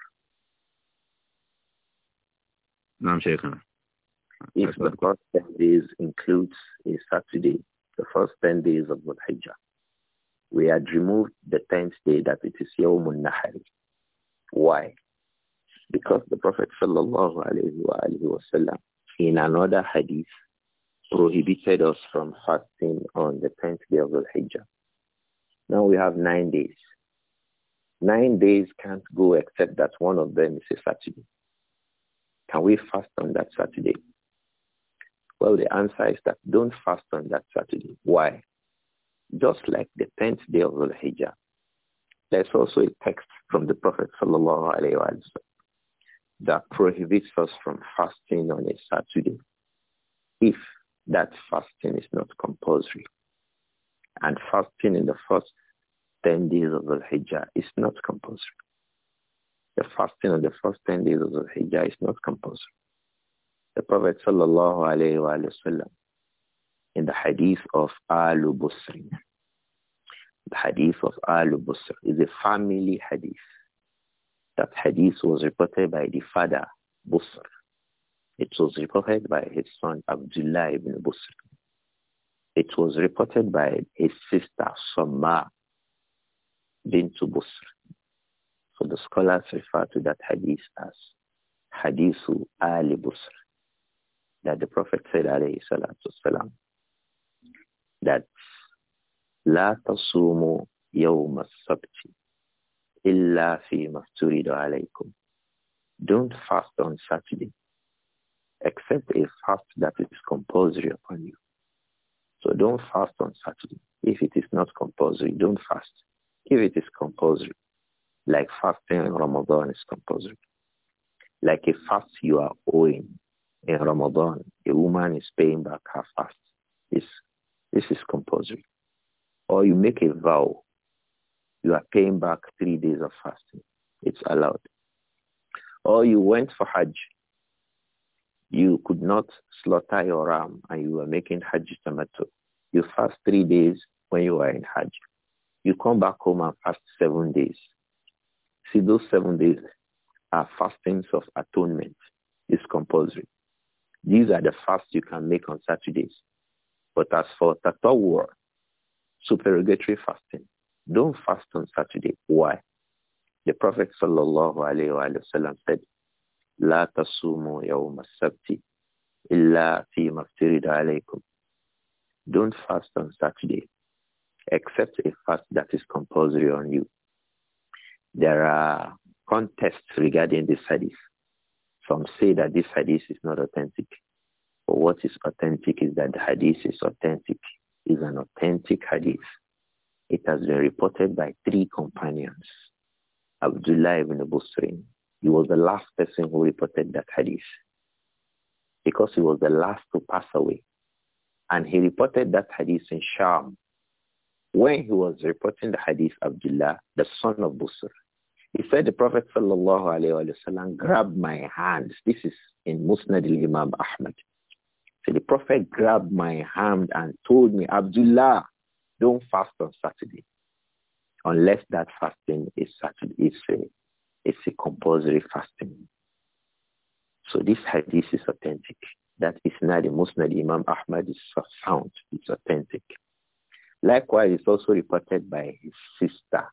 Naam If the first 10 days includes a Saturday, the first 10 days of Dhul Hijjah, we had removed the 10th day that it is Yawmul Nahari. Why? Because the Prophet sallallahu alayhi wa sallam in another hadith prohibited us from fasting on the 10th day of Dhul Hijjah. Now we have nine days. Nine days can't go except that one of them is a Saturday. Can we fast on that Saturday? Well, the answer is that don't fast on that Saturday. Why? Just like the 10th day of the Hijjah, there's also a text from the Prophet that prohibits us from fasting on a Saturday if that fasting is not compulsory. And fasting in the first 10 days of the Hijjah is not compulsory. The fasting on the first 10 days of the Hijjah is not compulsory. The Prophet sallallahu alayhi wa sallam in the hadith of Alu Busri. The hadith of Al Busri is a family hadith. That hadith was reported by the father, Busr. It was reported by his son, Abdullah ibn Busr. It was reported by his sister, bin to Busr the scholars refer to that hadith as Hadithu Ali Busr, that the Prophet said, alayhi salatu salam, that لا تصوموا يوم السبت إلا فيما افترض عليكم. Don't fast on Saturday, except a fast that is compulsory upon you. So don't fast on Saturday. If it is not compulsory, don't fast. If it is compulsory, like fasting in eh, Ramadan is compulsory. Like a fast you are owing in Ramadan, a woman is paying back her fast. This, this is compulsory. Or you make a vow, you are paying back three days of fasting. It's allowed. Or you went for Hajj. You could not slaughter your ram and you were making Hajj tomato. You fast three days when you are in Hajj. You come back home and fast seven days See, those seven days are fastings of atonement. It's compulsory. These are the fasts you can make on Saturdays. But as for tatawur, supererogatory fasting, don't fast on Saturday. Why? The Prophet sallallahu said, لا تصوموا يوم السبت إلا فيما افترض عليكم. Don't fast on Saturday, except a fast that is compulsory on you. There are contests regarding the hadith. Some say that this hadith is not authentic. But what is authentic is that the hadith is authentic, is an authentic hadith. It has been reported by three companions. Abdullah ibn Busrin, he was the last person who reported that hadith because he was the last to pass away. And he reported that hadith in Sham. When he was reporting the hadith, Abdullah, the son of Busr, he said, the Prophet sallallahu alayhi sallam grabbed my hand. This is in Musnad al-Imam Ahmad. So the Prophet grabbed my hand and told me, Abdullah, don't fast on Saturday unless that fasting is Saturday. It's a, it's a compulsory fasting. So this hadith is authentic. That is not the Musnad Imam Ahmad is sound. It's authentic. Likewise, it's also reported by his sister,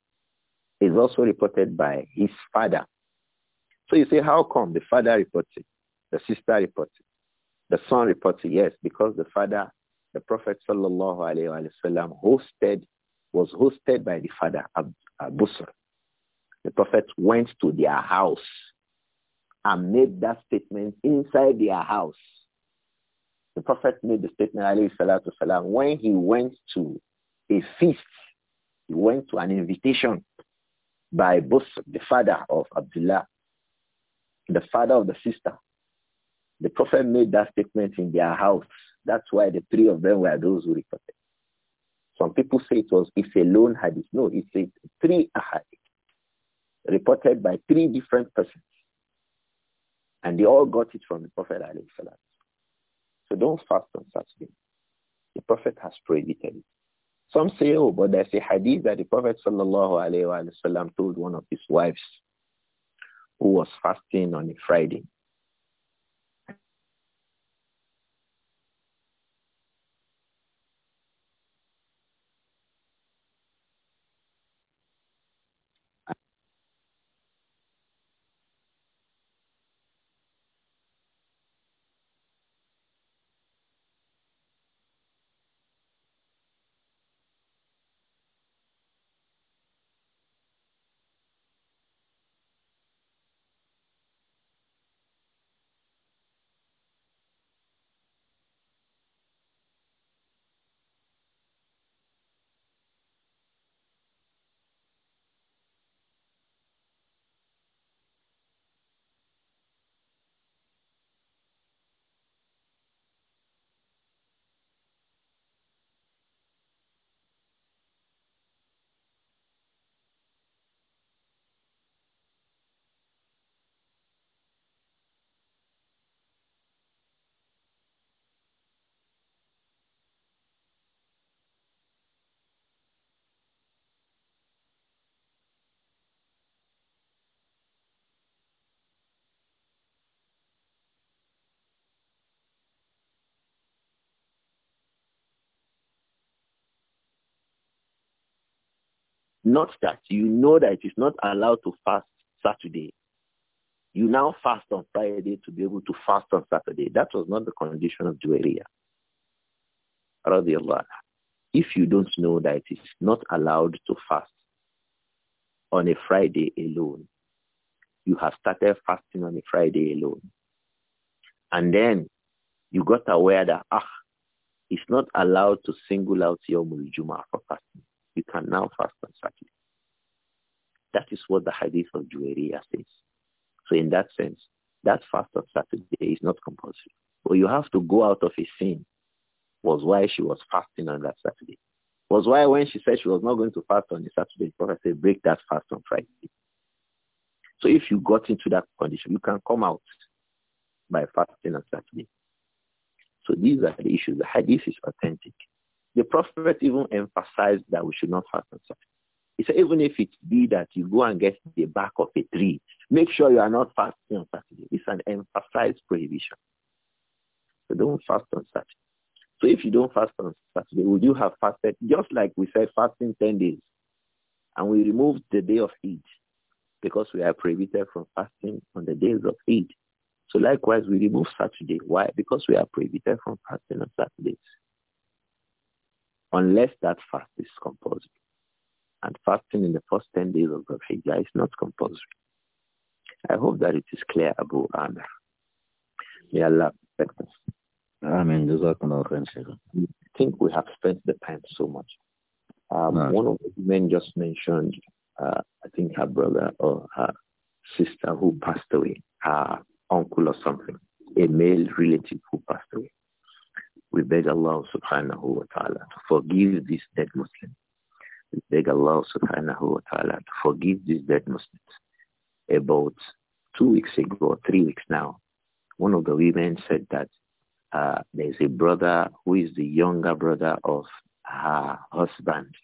is also reported by his father. So you say, how come the father reports it, the sister reports it, the son reports it? Yes, because the father, the Prophet sallallahu alaihi wasallam hosted, was hosted by the father, Ab Abusr. The Prophet went to their house and made that statement inside their house. The Prophet made the statement, alayhi salatu salam, when he went to a feast, he went to an invitation by both the father of Abdullah, the father of the sister. The prophet made that statement in their house. That's why the three of them were those who reported. Some people say it was it's a lone hadith. No, it's a three hadith reported by three different persons. And they all got it from the Prophet So don't fast on such things. The Prophet has prohibited it. Some say, oh, but there's a hadith that the Prophet sallallahu alaihi wasallam told one of his wives who was fasting on a Friday Not that you know that it is not allowed to fast Saturday. You now fast on Friday to be able to fast on Saturday. That was not the condition of Juwairiyah. If you don't know that it is not allowed to fast on a Friday alone, you have started fasting on a Friday alone. And then you got aware that, ah, it's not allowed to single out your Juma for fasting you can now fast and sacrifice. That is what the hadith of Juwairiyah says. So in that sense, that fast on Saturday is not compulsory. But you have to go out of a sin was why she was fasting on that Saturday. Was why when she said she was not going to fast on a Saturday, the Prophet said, break that fast on Friday. So if you got into that condition, you can come out by fasting on Saturday. So these are the issues. The hadith is authentic. The Prophet even emphasized that we should not fast on Saturday. He said, even if it be that you go and get the back of a tree, make sure you are not fasting on Saturday. It's an emphasized prohibition. So don't fast on Saturday. So if you don't fast on Saturday, would you have fasted? Just like we said, fasting 10 days. And we removed the day of Eid because we are prohibited from fasting on the days of Eid. So likewise, we remove Saturday. Why? Because we are prohibited from fasting on Saturdays unless that fast is compulsory. And fasting in the first 10 days of the Hijjah is not compulsory. I hope that it is clear, Abu Amr. May Allah protect us. Amen. I think we have spent the time so much. Um, no. One of the men just mentioned, uh, I think her brother or her sister who passed away, her uncle or something, a male relative who passed away. We beg Allah subhanahu wa ta'ala to forgive this dead Muslim. We beg Allah subhanahu wa ta'ala to forgive these dead Muslims. About two weeks ago, or three weeks now, one of the women said that uh, there's a brother who is the younger brother of her husband.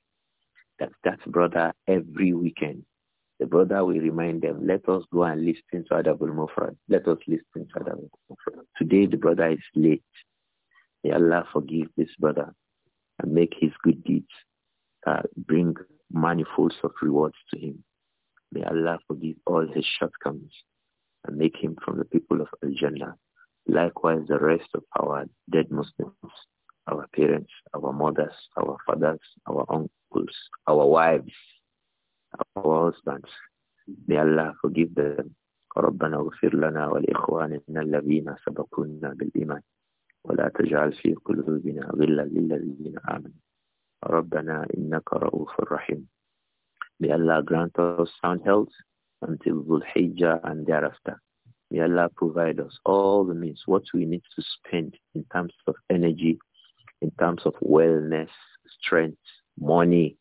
That that brother every weekend, the brother will remind them, let us go and listen to Adabul Mufrad. Let us listen to Adabul Mufrad. Today the brother is late. May Allah forgive this brother and make his good deeds uh, bring manifolds of rewards to him. May Allah forgive all his shortcomings and make him from the people of Al-Jannah. Likewise, the rest of our dead Muslims, our parents, our mothers, our fathers, our uncles, our wives, our husbands. May Allah forgive them. ربنا اغفر لنا ولإخواننا الذين سبقونا بالإيمان ولا تجعل في قلوبنا غلا للذين آمنوا ربنا إنك رؤوف رحيم May Allah grant us sound health until Dhul-Hijjah and thereafter. May Allah provide us all the means, what we need to spend in terms of energy, in terms of wellness, strength, money.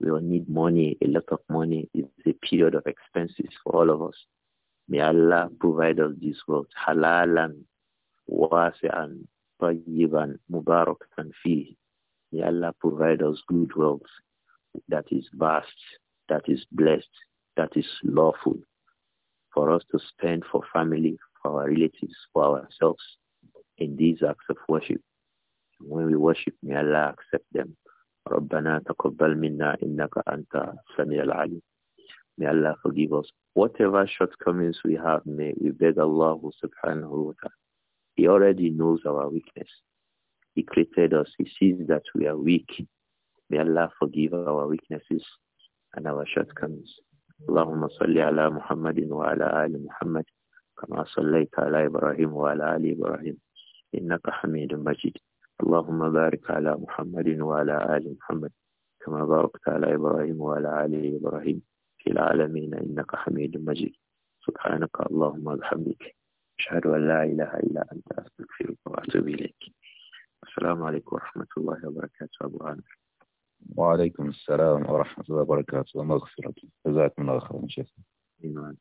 We will need money, a lot of money. It's a period of expenses for all of us. May Allah provide us this wealth, halal واسعا طيبا مباركا فيه. May Allah provide us good wealth that is vast, that is blessed, that is lawful for us to spend for family, for our relatives, for ourselves in these acts of worship. When we worship, may Allah accept them. ربنا تقبل منا إنك أنت السميع العليم. May Allah forgive us. Whatever shortcomings we have, may we beg Allah subhanahu wa ta'ala he already knows our weakness. He created us. He sees that we are weak. May Allah forgive our weaknesses and our shortcomings. اللهم صل على محمد وعلى آل محمد كما صليت على إبراهيم وعلى آل إبراهيم إنك حميد مجيد اللهم بارك على محمد وعلى آل محمد كما باركت على إبراهيم وعلى آل إبراهيم في العالمين إنك حميد مجيد سبحانك اللهم وبحمدك أشهد أن لا إله إلا أنت أستغفرك وأتوب إليك السلام عليكم ورحمة الله وبركاته أبو عامر وعليكم السلام ورحمة الله وبركاته ومغفرة جزاكم الله خيرا شيخنا